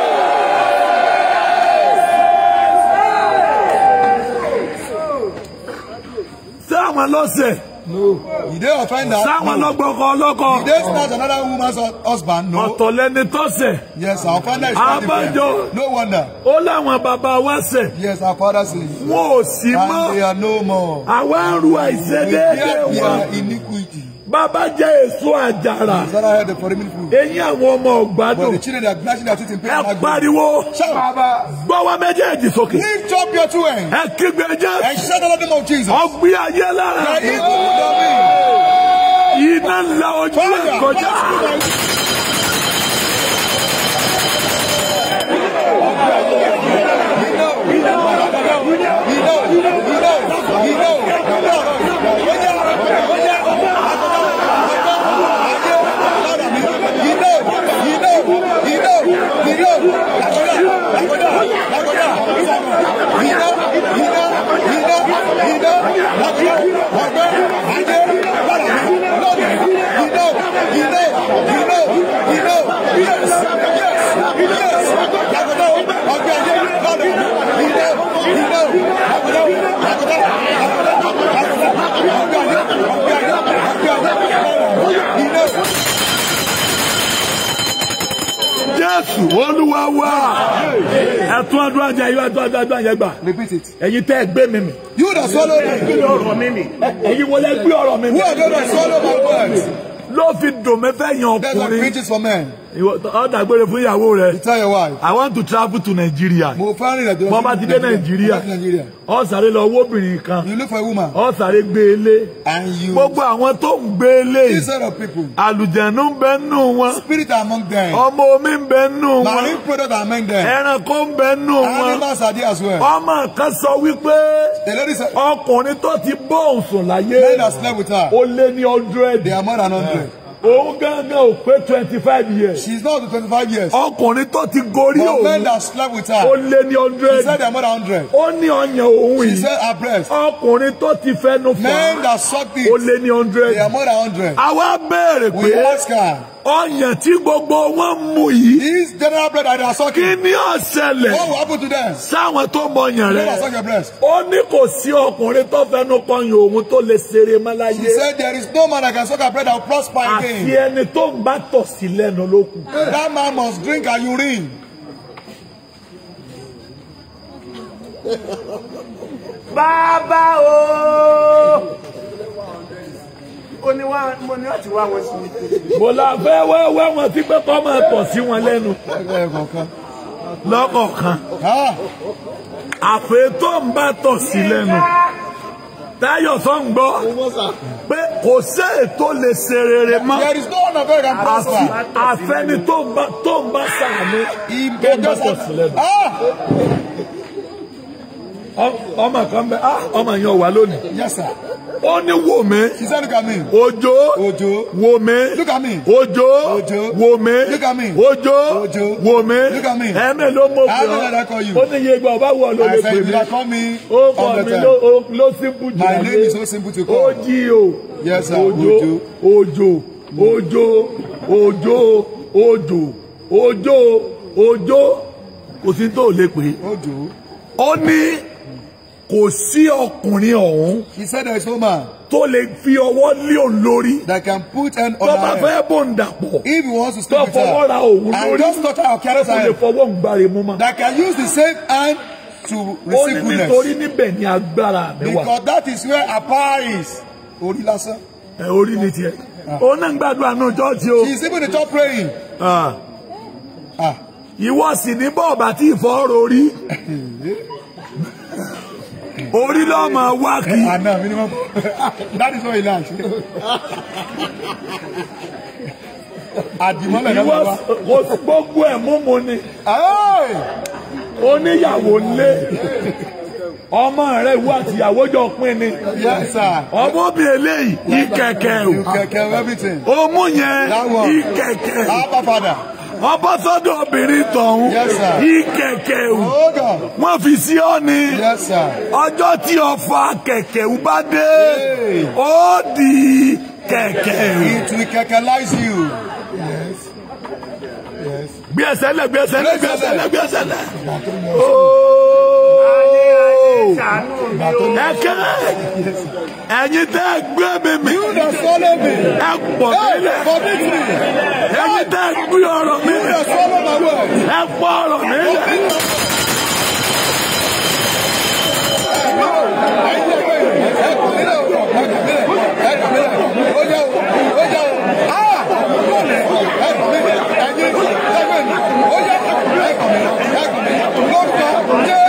lọ́sẹ̀. No. You don't offend that. Sáwọn ọlọ́gbọ̀kọ ọlọ́kọ. You don't snatch another woman's husband. No. Ọ̀tọ̀ lẹni tọ́sẹ̀. Yes, our father is not different. Abájọ. No wonder. Ó láwọn bàbá wa sẹ̀. Yes, our father say. Wọn ò sí mọ́. And they are no more. Àwa ń ru wọn bàbá jẹ èso àjàrà eyín àwọn ọmọ ọgbádùn ẹ pariwo gbọ́wọ́ méjèèjì sókè ẹ kígbe jẹ́ ọgbìn ayé lára iná ńlá ojú ẹ̀ kọjá. We know, we know, we know, we know, we know. Yeah jésù olúwa wá ẹtún ọdún ajá yóò ẹtún ọdún ajá yẹn gbà ẹ̀yin tẹ́ ẹ gbé mi mi. you da swallow me. ẹ̀yin wọlé gbé ọ̀rọ̀ mi mi. ẹ̀yin wọlé gbé ọ̀rọ̀ mi mi. who are those that swallow my words. ló fi dùn mẹ́fẹ́ yan ọkùnrin. that's what preaches for men ọ̀dàgbére fún ìyàwó rẹ. I want to travel to Nigeria. mo fẹ́ rìn àjò Nigeria. bọ́n bá ti dé Nigeria. ó sáré lọ owó obìnrin kan. you look for woman. ó sáré gbé ilé. E and you. gbogbo àwọn tó ń gbé ilé. E these are the people. àlùjẹ̀nu ń bẹ nù wọn. spirit among them. ọmọ omi ń bẹ nù wọn. marine product among them. ẹranko ń bẹ nù wọn. animals are there as well. ọmọ kan sọ wípé. the lady said. ọkùnrin tó ti bọ́ọ̀sùn láyé. men that slept with her. ó lé ní hundred. they are more than òun gángan ò pé twenty five years. she is now twenty five years. ọkùnrin tó ti gorí òun. but men that slept with her. ó lé ní hundred. she said they are more than hundred. ó ní ọyàn òun yìí. she said her breast. ọkùnrin tó ti fẹnu fà. men that suck it. ó lé ní hundred. they are more than hundred. àwa béèrè pé. we ask her ọyàn tí gbogbo wọn mú yìí. this general bread that they sucking. kí ni ó what will happen to them. sáwọn tó mọ ọyàn rẹ. they suck your breast. ó ní kò sí ọkùnrin tó fẹnu kọyàn òun tó lè ṣeré mọ́ she said there is no man that can suck her bread and prosper again. àti ẹni tó ń bá tọ̀ lẹ́nu ló kù. that man must drink and urine. bàbá o ó ní wá mo ní láti wá wọn sí i. mo la fẹ́ wá wá wọn sí pé kọ́ máa pọ̀ sí wọn lẹ́nu. lọ́kọ̀ọ̀kan àfẹ́tọ́ ń bá tọ̀ sí lẹ́nu táyọ̀ sọ́n gbọ́ pé kò sí ètò lè ṣe rere mọ́ àfẹ́ni tó ń bá sàánú tó ń bá tọ̀ sí lẹ́nu ọmọ kan bẹ ah, ọmọ yẹn wà lónìí ó ní wò mí. he said look at me. Ojo, Ojo, wò mí. look at me. Ojo, Ojo, wò mí. look at me. Ojo, Ojo, wò mí. look at me. ẹ̀ẹ́mẹ̀ ló mọ̀ pé ọ́ ó ní iye ìgbà ọba wọ̀ ló lè pè mí. I said you call me all the time. ó kọ́ mi ló simple jù. my name is so simple to call. ojì o. yes sir Ojo. Ojo. Ojo. Ojo. Ojo. Ojo. Ojo. kò sí tó lè pè. Ojo. ó ní kò sí ọkùnrin ọ̀hún. he said there is no man. tó lè fi ọwọ́ lé òun lórí. that can put an on her fẹ́ bò dàpọ̀. if he wants to stop with her. tó fọwọ́ ra òun lórí. and just touch her or carry her. tó lè fọwọ́ ń gbàre mú ma. that can use the same hand to receive goodness. ó ní nítorí níbẹ̀ ni agbára mi wà. because that is where her power is. orí lásán. ẹ orí ni tiẹ̀. Ah. òun náà ń gbàdúrà náà jọ́ọ̀jì o. she is even the top praying. ah. ah. ìwọ sì ní bọ́ọ̀bà tí ìfọ́ rori. orí ló máa wá kí. Eh, àná mi ni wọn that is not ilé àṣẹ. àdìmọ́lẹ̀ náà wá. ìwọ gbogbo ẹ̀ mú ni. oníyàwó lé ọmọ rẹ ìwọ àtìyàwó jọ pín ni ọmọ eléyìí ìkẹ̀kẹ̀ o ó mú yẹn ìkẹ̀kẹ̀ ọbọ̀ sọ́dọ̀ obìnrin tọ̀hún ìkẹ̀kẹ̀ wù wọ́n fi sí ọ ni ọjọ́ tí ọfà kẹ̀kẹ̀ wù bá dé ó di kẹ̀kẹ̀ wù. it will kẹ̀kẹ̀láìsì you. Yes. Yes. gbé ẹsẹ̀ lẹ̀ gbé ẹsẹ̀ lẹ̀ gbé ẹsẹ̀ lẹ̀ gbé ẹsẹ̀ lẹ̀ ẹ̀yin tẹ́ ẹ gbé mi mi ẹ pọ̀ nílẹ̀ ẹ̀yin tẹ́ ẹ gbé ọ̀rọ̀ mi ẹ pọ̀ ọ̀rọ̀ mi lẹ̀. Yeah!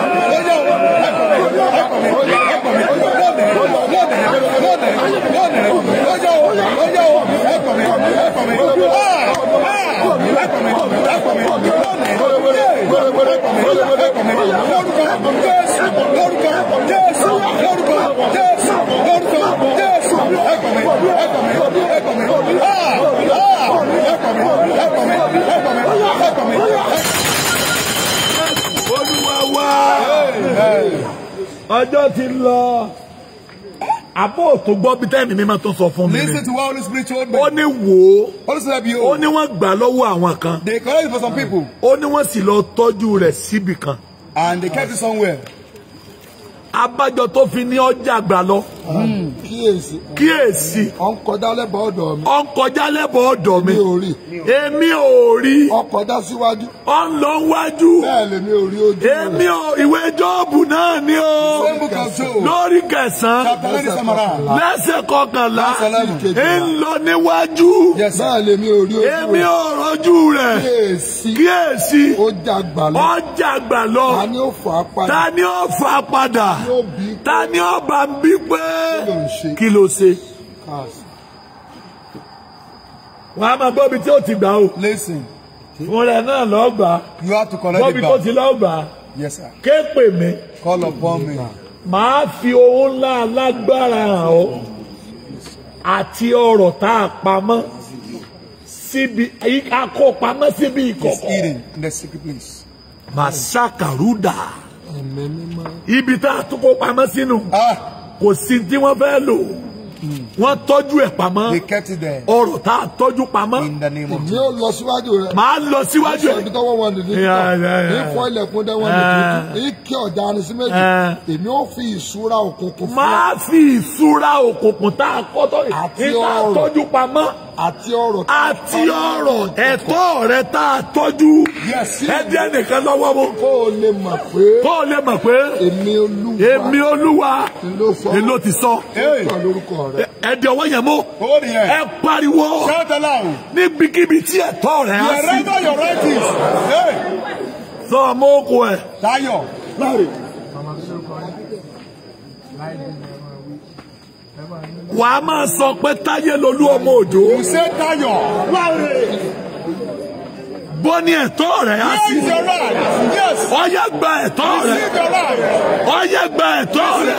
come me! come ọjọ́ ti lọ àbọ̀ tó gbọ́ bí tẹ́ẹ̀mì mímọ́ tó sọ fún mi ni. listen to what holy spirit told me. ó ní wò holy spirit be o. ó ní wọ́n gbà lọ́wọ́ àwọn kan. they collect it for some people. ó ní wọ́n sì lọ tọ́jú rẹ̀ síbì kan. and they kept it somewhere. abájọ tó fi ní ọjà gbà lọ kíyèsí kíyèsí ó ń kọjá lẹ́bàá ọ̀dọ̀ mi ó ń kọjá lẹ́bàá ọ̀dọ̀ mi èmi ò rí ó kọjá síwájú ó ń lọ wájú bẹ́ẹ̀ lèmi ò rí ojú rẹ̀ èmi ò ìwé jọ́ọ̀bù náà ni o lórí kẹsàn-án lẹ́sẹ̀ kọkànlá ń lọ níwájú bẹ́ẹ̀ lèmi ò rí ojú rẹ̀ èmi ò rọ́jú rẹ̀ kíyèsí ó jàgbà lọ ta ni ó fà padà ta ni ó bà kí ló ṣe wọ́n á máa gbọ́ ibi tí ó ti gbà o fún rẹ̀ náà lọ́ọ́ gbà gbọ́ ibi tó ti lọ́ọ́ gbà ké pè mí màá fi owó ńlá alágbára hàn ọ́ àti ọ̀rọ̀ tá a pamọ́ síbi akó pamọ́ síbi ìkọ̀kọ̀ màá ibi tá a tún kó pamọ́ sínú. Ah! kò sí tí wọ́n fẹ́ lò wọ́n tọ́jú ẹ̀ pamọ́ ọ̀rọ̀ tá a tọ́jú pamọ́. èmi ò lọ síwájú rẹ. màá lọ síwájú rẹ. ìṣòwò tọwọ́ wọn nìdí nípa ní fọ ilẹ̀kùn dẹ́wọ́ nìdí ní eh. kí ọ̀dà arinsin méjì eh. èmi ò fi ìṣúra òkùnkùn fún ọ. máa fi ìṣúra òkùnkùn tá a kọ́ tọ́jú pamọ́ àti ọ̀rọ̀ àti ọ̀rọ̀ ẹ̀tọ́ rẹ tá a tọ́jú ẹdí ẹnìkan lọ́wọ́ mú kó o lè mọ̀ pé kó o lè mọ̀ pé èmi olúwa èló ti sọ ẹdí ọwọ́ yẹn mú ẹ pariwo níbikíbi tí ẹ̀tọ́ rẹ á sí sọ ọmọ okùn ẹ. Táyọ̀. Láre. Màmá tó ṣe é wà á máa sọ pé táyé lolú ọmọ òjò. you say Táyọ̀ Láre. bó ni ẹ̀tọ́ rẹ̀ á sí. ọyẹ gba ẹ̀tọ́ rẹ̀ ọyẹ gba ẹ̀tọ́ rẹ̀.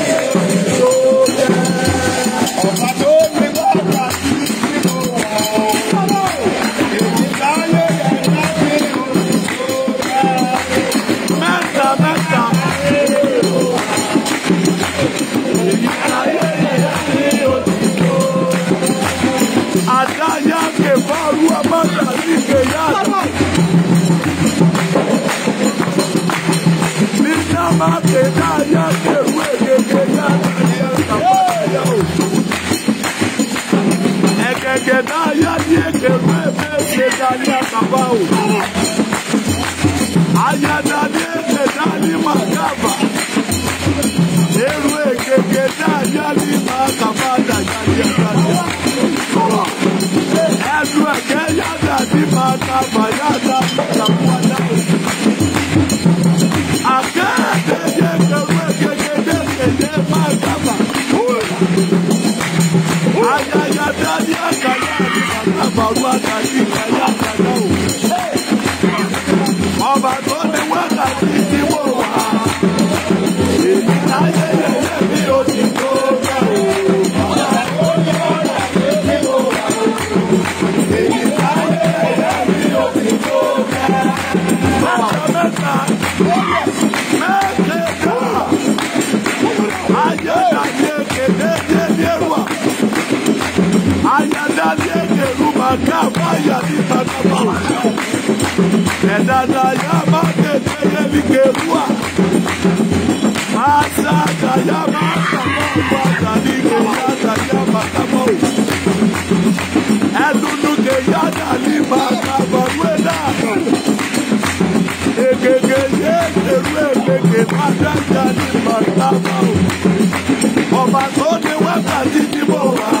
Everywhere, yeah, yeah, yeah, yeah, yeah, yeah, yeah, yeah, yeah, faru àtàkì ẹ̀yà àtàkà o. ọba tó ní wákàtí tí mo wà èyí láyé lẹ́yìn. makabaya ni makaba edada ya makedele likelua masada ya makabada ni kelada ya makaba edunuke yada ni makaba weda ekeke ye eru ekeke madada ni o ọba tó ní wákàtí ti mo wà.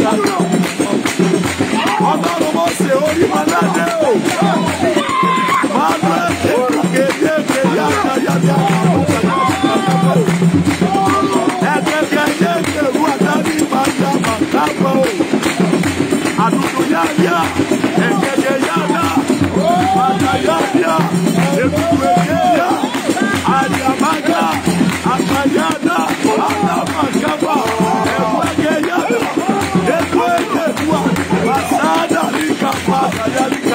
ṣàánú ọlọ́run mo ṣe orí ọlọ́dẹ o máa lọ ṣe kéde kéde yàtàyàtà ẹ̀ẹ́dẹ́gbẹ̀jẹ̀ kẹrù àtàrí màtàmátàbọ̀ àdúgbò yáyà.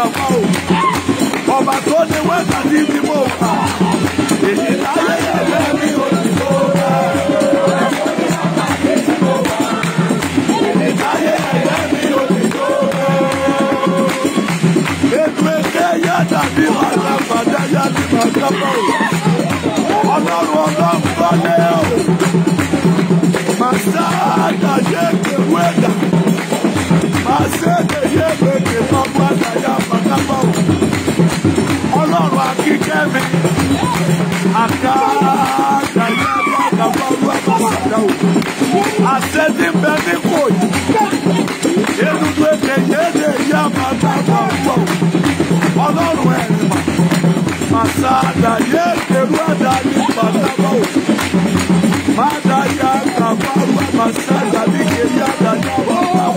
àgàmọ́ o ọba tó ní wákàtí tí mo kà èyí láyé ẹ̀fẹ́ mi ò ní tó bá. Yàtàbí ọ̀la fàdáyà ni màkà bọ̀ ọ́. Ọlọ́run ọlọ́run lọ́lẹ́ o. Masada yeke weda Masede yebeke papada Kikeme Akaka Asedi mbeni koy Yedu gbeke yede É wawo Ọlọ́run ẹ̀rìnmà Masada yede wada para pataba o Mada ya kabawa masada ni yeyada ya wawa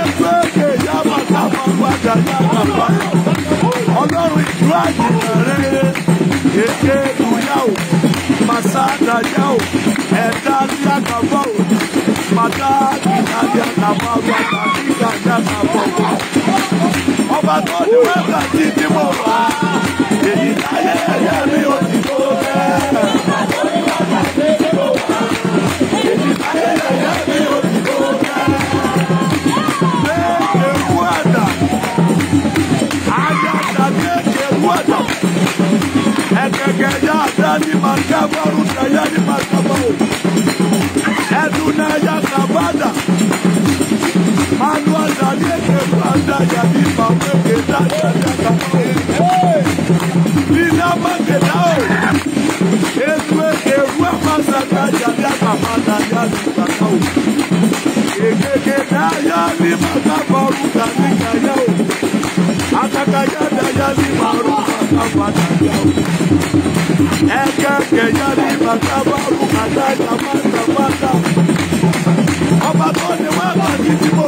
Ebeke yamata wada ya kabawa ọlọ́run ìlú àjùmọ̀ rere èké ìwúyà o màsá dàjà o ẹ̀dá ní àkàbọ̀ o màtá ìdájà làbà wà tàbí ìdájà làbọ̀ wà. ọba tó ní wẹ́ẹ̀kà tí tí mo wà èyí láyé ẹ̀yẹ́ mi ò ti tó bẹ́ẹ̀. markaba rutayani markabao edunaya kabada manua zalieke banda yadi maweke dadadakamae linamakedao etueke ruamasaka yadakamanayalikakao ekekedayali makaba rutanikayao atakayadayali marumakabadayao ẹ̀ka kẹ̀yà ní màtábà bùkátà ìtàmátàmátà ọba tó ní wá bàtí tí mo.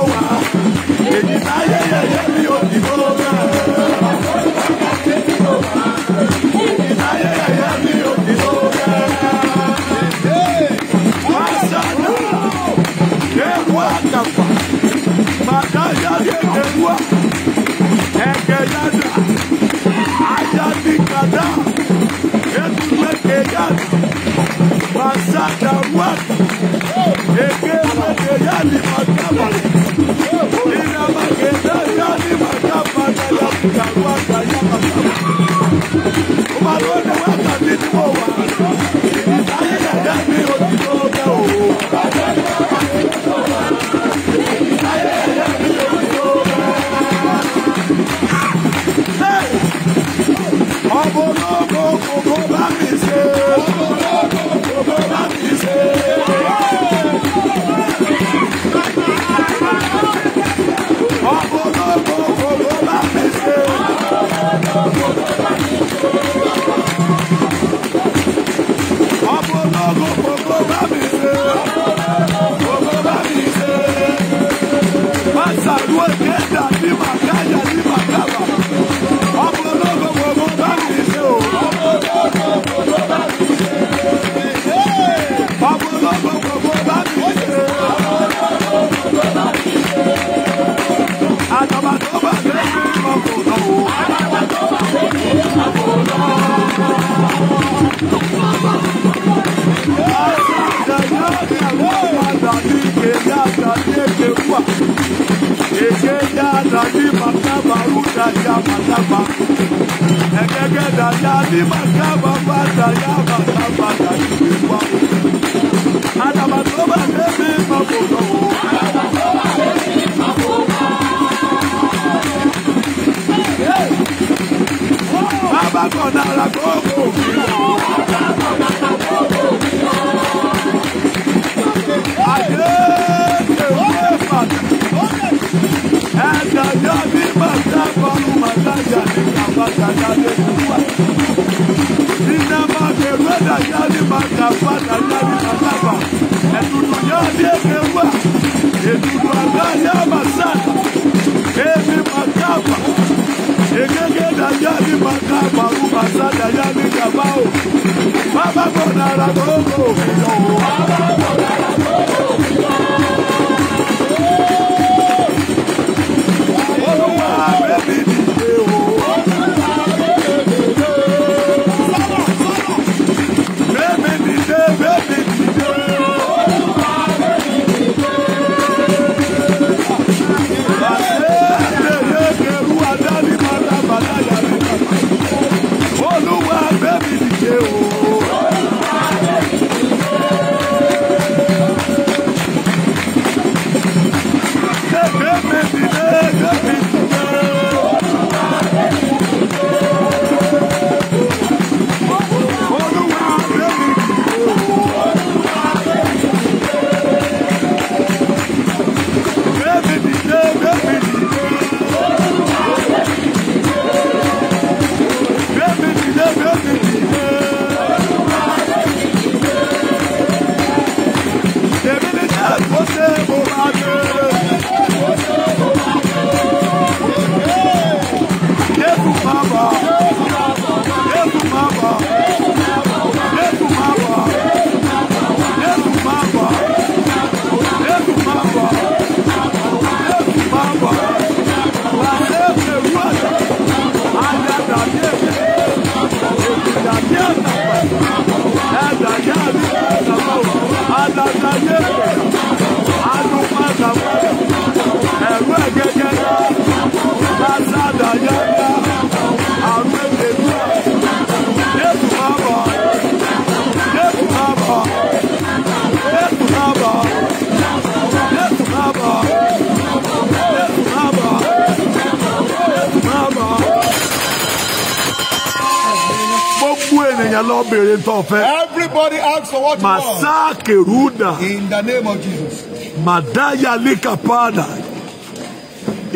béèrè tó fẹ́. everybody asks for what you want. màsá kèrúdà. in the name of Jesus. Madaya kàpáàdà.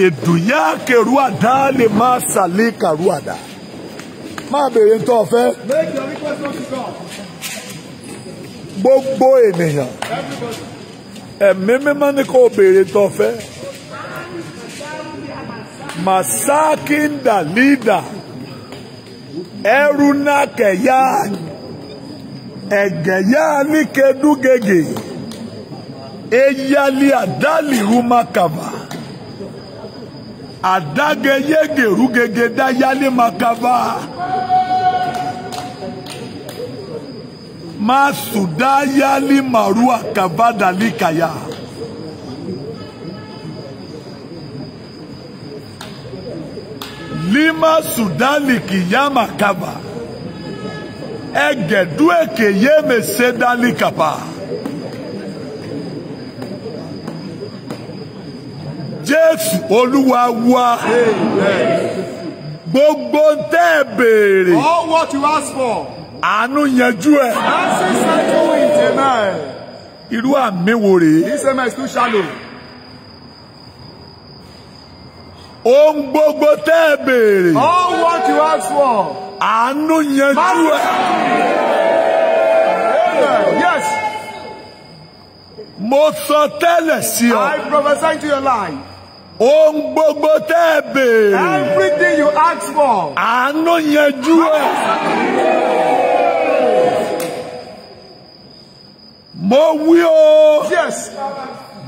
ìdùnyà kèrúàdà lè má sàlẹ̀ kàrúàdà. máa béèrè tó fẹ́. make your request known to God. gbogbo ènìyàn. ẹ̀mí mímọ́ ni kò béèrè tó fẹ́. màsá kìndà lídà. Eruna Keyad egeya nikedugege eyali adali rumakaba adageyege rugege dayali makaba masudayali marua kava kabadalikaya lima sudaliki yamakaba egedueke ye me sedali kapa jésù olúwa wa gbogbo ń tẹ́ ẹ béèrè. àánú yanjú ẹ. irú àmì wo rèé. this amen is gbogbo tẹ́ ẹ béèrè. all what you ask for àánú yanjú ẹ. Yes. Mo sọ tẹ́lẹ̀ sí ọ. I prophesy to your life. Ohun gbogbo tẹ́ ẹ béèrè. Everything you ask for. Àánú yanjú ẹ. Mo wí o. Yes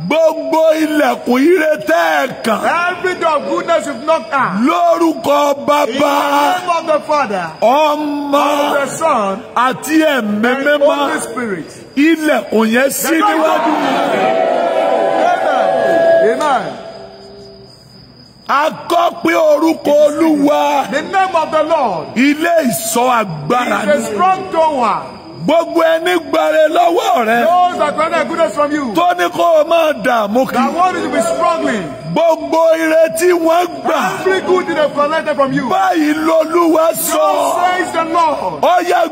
gbogbo ilẹ̀kùn ire tẹ́ ẹ kàn. every door of goodness is knocked at. lórúkọ bàbá. in the name of the father. ọmọ. of the son. àti ẹ̀mí mímọ́. The holy spirit. ilẹ̀kùn yẹn sí níwájú mi. amen. amen. A kọ pé orúkọ Olúwa. The name of the Lord. Ilé ìṣọ́ agbára ni. He is a strong tower gbogbo ẹni gbàre lọ́wọ́ rẹ. those that render goodness from you. tó ní kó o máa dààmú kí. that one is to be struggling. gbogbo ire tí gbà. every good thing they collected from you. báyìí lolúwa sọ. God says the Lord. ó yá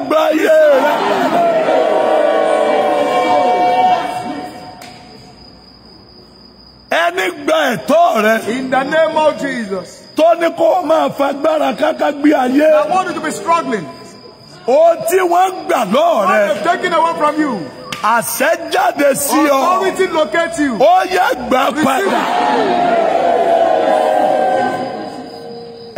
ẹni gba ẹ̀tọ́ rẹ. in the name of Jesus. tó ní kó o máa fagbára káká gbé ayé. I want you to be struggling. Ohun tí wọ́n gbà lọ́wọ́ rẹ. I have taken away from you. Àṣẹ jáde sí ọ. Authority locate you. Ó yẹ gbà padà.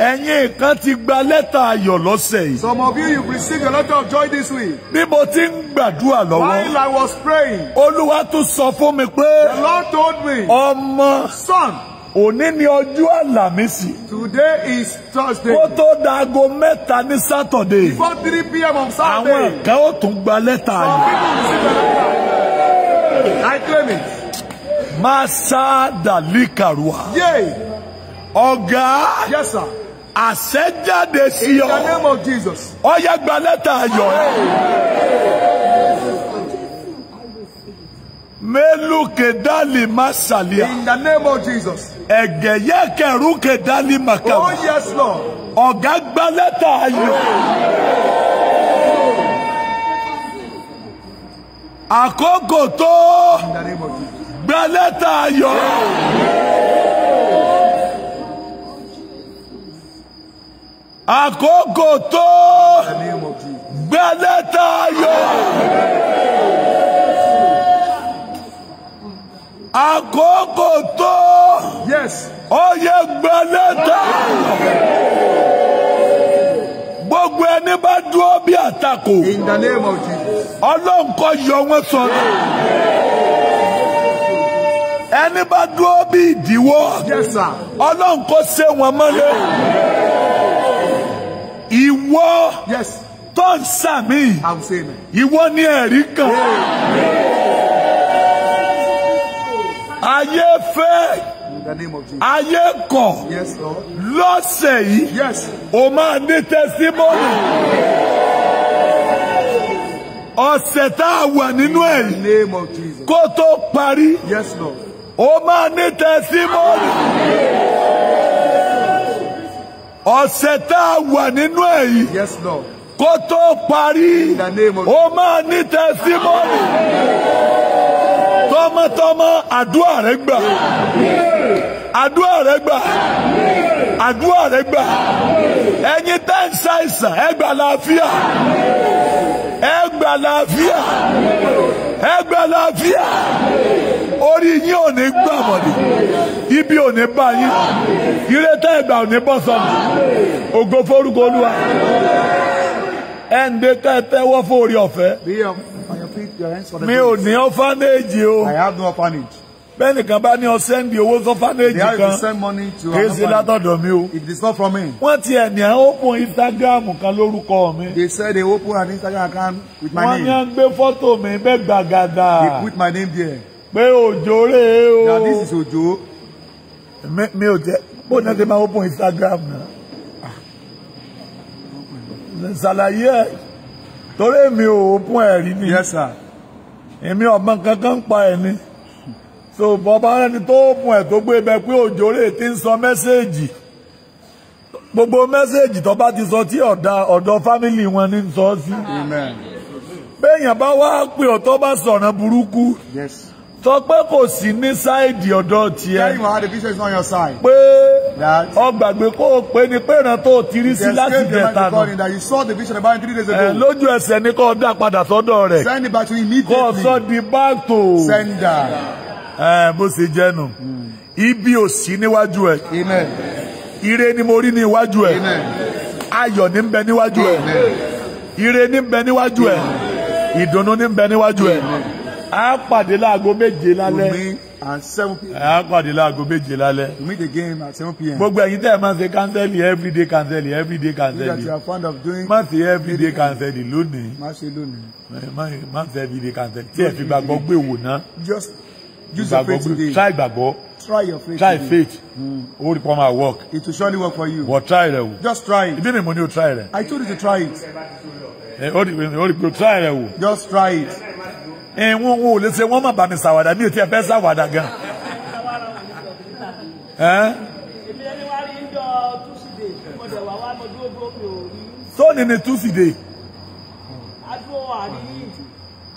Ẹ̀yin kan ti gba lẹ́tà ayọ̀ lọ́sẹ̀ yìí. Some of you you receive a letter of joy this week. Bí mo ti ń gbàdúrà lọ́wọ́. While I was praying. Olúwa tún sọ fún mi pé. The Lord told me. Ọmọ. Son òní ni ọjọ́ àlàmísì. today is thursday. kó tó daago mẹ́ta ní saturday. before three pm on saturday. àwọn kan ó tún gba lẹ́tà yìí. some people receive the letter. i claim it. masa dalikaruwa. yay. ọ̀gá. yes sir. àṣẹjáde sí ọ. in the name of jesus. ọyẹ gba lẹ́tà yọ. Meluke dali masalia. In the name of Jesus ẹ̀gẹ̀yẹ kẹrù kẹdálí màkà. oh yes lord. ọ̀gá gbá lẹ́tà ayọ̀. àkókò tó gbá lẹ́tà ayọ̀. àkókò tó gbá lẹ́tà ayọ̀. àkókò tó. yes. ó yẹ gbẹlẹ́ta. gbogbo ẹni bá dúró bí àtakò. in the name of Jesus. ọlọ́run kó yọ wọ́n sọnù. ẹni bá dúró bí ìdíwọ́. yes sir. ọlọ́run kó sé wọn mọ́lẹ̀. ìwọ. yes. tó ń sàmì. i'm saying it. ìwọ ni ẹ̀rí kan. Yeah. Yeah. Ayé fẹ́ ayé kọ̀ lọ́sẹ̀ yìí o máa ní tẹsímọ́nì ọ̀sẹ̀ tá a wà nínú ẹ̀ yìí kó tó parí o máa ní tẹsímọ́nì ọ̀sẹ̀ tá a wà nínú ẹ̀ kó tó parí o máa ní tẹsímọ́nì tọmọtọmọ àdúrà rẹ gbà àdúrà rẹ gbà àdúrà rẹ gbà ẹ̀yin tẹ́ ń ṣàìsàn ẹ gbà láàfíà ẹ gbà láàfíà ẹ gbà láàfíà orí yín ò ní gbà mọ̀dì ibi ò ní bá yín ire tẹ́ ẹ gbà ò ní bọ́ sọ̀nà ògo forúkọ olúwa ẹ̀ ń de tẹ́ ẹ tẹ́wọ́ fún orí ọ̀fẹ́ pick your hands for the. mi ò ní orphanage o. I have no orphanage. bẹ́ẹ̀ nìkan bá ní ọsẹ́ send di owó sọ́fánẹ́jì kan kìí ṣe látọ̀dọ̀ mi o. it is not from me. wọ́n ti ẹ̀ ní à ń open instagram kan lórúkọ mi. they said they open an instagram account with my wọ́n name. wọ́n ní à ń gbé fọ́tò mi bẹ́ẹ̀ gbàgàdà. they put my name there. pé òjò rè é o. now this is òjò. mi ò jẹ bó ní ẹ ti máa open instagram náà. ṣàlàyé ẹ. torí èmi ò pún ẹ̀rí ni èmi ọmọ kankan pa ẹ̀ ni so bọ́ba ẹni tó pún ẹ̀ tó gbé bẹ pé òjò rè ti ń sọ gbogbo mẹ́sẹ́ẹ̀jì tó bá ti sọ tí ọ̀dọ̀ fámìlì wọn ní sọ sí. pè bá sọ̀rọ̀ burúkú. sọ kò sí ní sáìdì ọ̀dọ̀ tiẹ̀. the is your side. pé ọgbàgbé o pé ni pé ìran tó o ti rí sí láti bẹ̀ẹ̀ta nù. that you saw the vision about three days ago. lójú ibi ò sí níwájú ẹ. amen. ire ni mo rí ní ẹ. amen. ayọ̀ ire ní ń bẹ níwájú ẹ. ìdùnnú n'iwaju ń a pàdé láago méje lálẹ́. we meet at seven pm. a pàdé láago méje lálẹ́. we meet again at seven pm. gbogbo ẹ̀yin tẹ́ ẹ máa ṣe kánsẹ́lì everyday kánsẹ́lì everyday kánsẹ́lì. you that you are fond of doing. má ṣe everyday kánsẹ́lì lónìí. má ṣe lónìí. Eh, má ṣe everyday kánsẹ́lì. tí ẹ fi gbàgbọ́ gbé wò ná. just use your faith today. try gbàgbọ́. try your faith try faith. o hmm. rí pọ́n máa work. it will surely work for you. but try rẹ o. just try it. ibi ni mo ní o try rẹ. I told you to try it. o eh, rí pé o try rẹ o. just try it ẹ̀wọ̀n eh, wọn ò lè ṣe wọ́n má bàmí ṣàwàdà mi ò tiẹ̀ fẹ́ ṣàwàdà gan. Eh? sóòní ni túsìdè.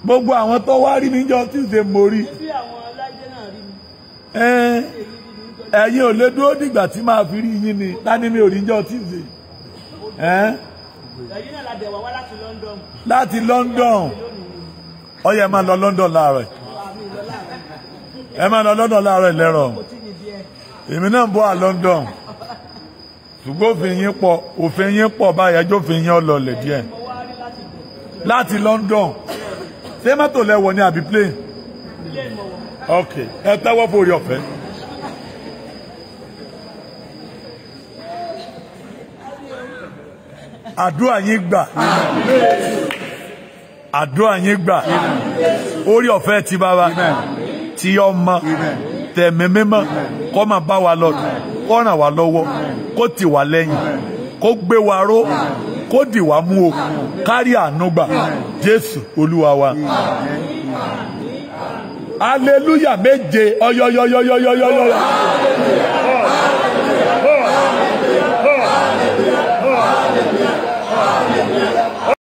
gbogbo àwọn tó wá rí mi jọ túsìdè mo rí. Eh, ẹ̀yin ò lè dúró dìgbà tí màá fi rí yín ni tani mi ò rí jọ túsìdè. ẹ̀yin náà la dẹ̀ wá wá láti London. láti London ó yẹ máa lọ London láàárọ̀ ẹ máa lọ London láàárọ̀ lẹ́rọ̀ èmi náà ń bọ́ à London ṣùgbọ́n òfin yín pọ̀ òfin yín pọ̀ báyà jọ òfin yín ọlọ́ọ̀lẹ̀ díẹ̀ láti London ṣé mọ́tò lẹ́wọ̀ ní àbí plane ok ẹ tẹ́wọ́ fòrí ọ̀fẹ́. àdúrà yín gbà. àmín. àdúrà yín gbà orí ọ̀fẹ́ ti bàbá ti ọmọ tẹ̀mẹ́ mímọ́ kó máa bá wa lọ kọ ràn wá lọ́wọ́ kó tì wà lẹ́yìn kó gbé wa ró kó dì wá mú o kárí àánú gbà Jésù Olúwa wa. Hallelujah méje ọyọyọyọyọyọyọ.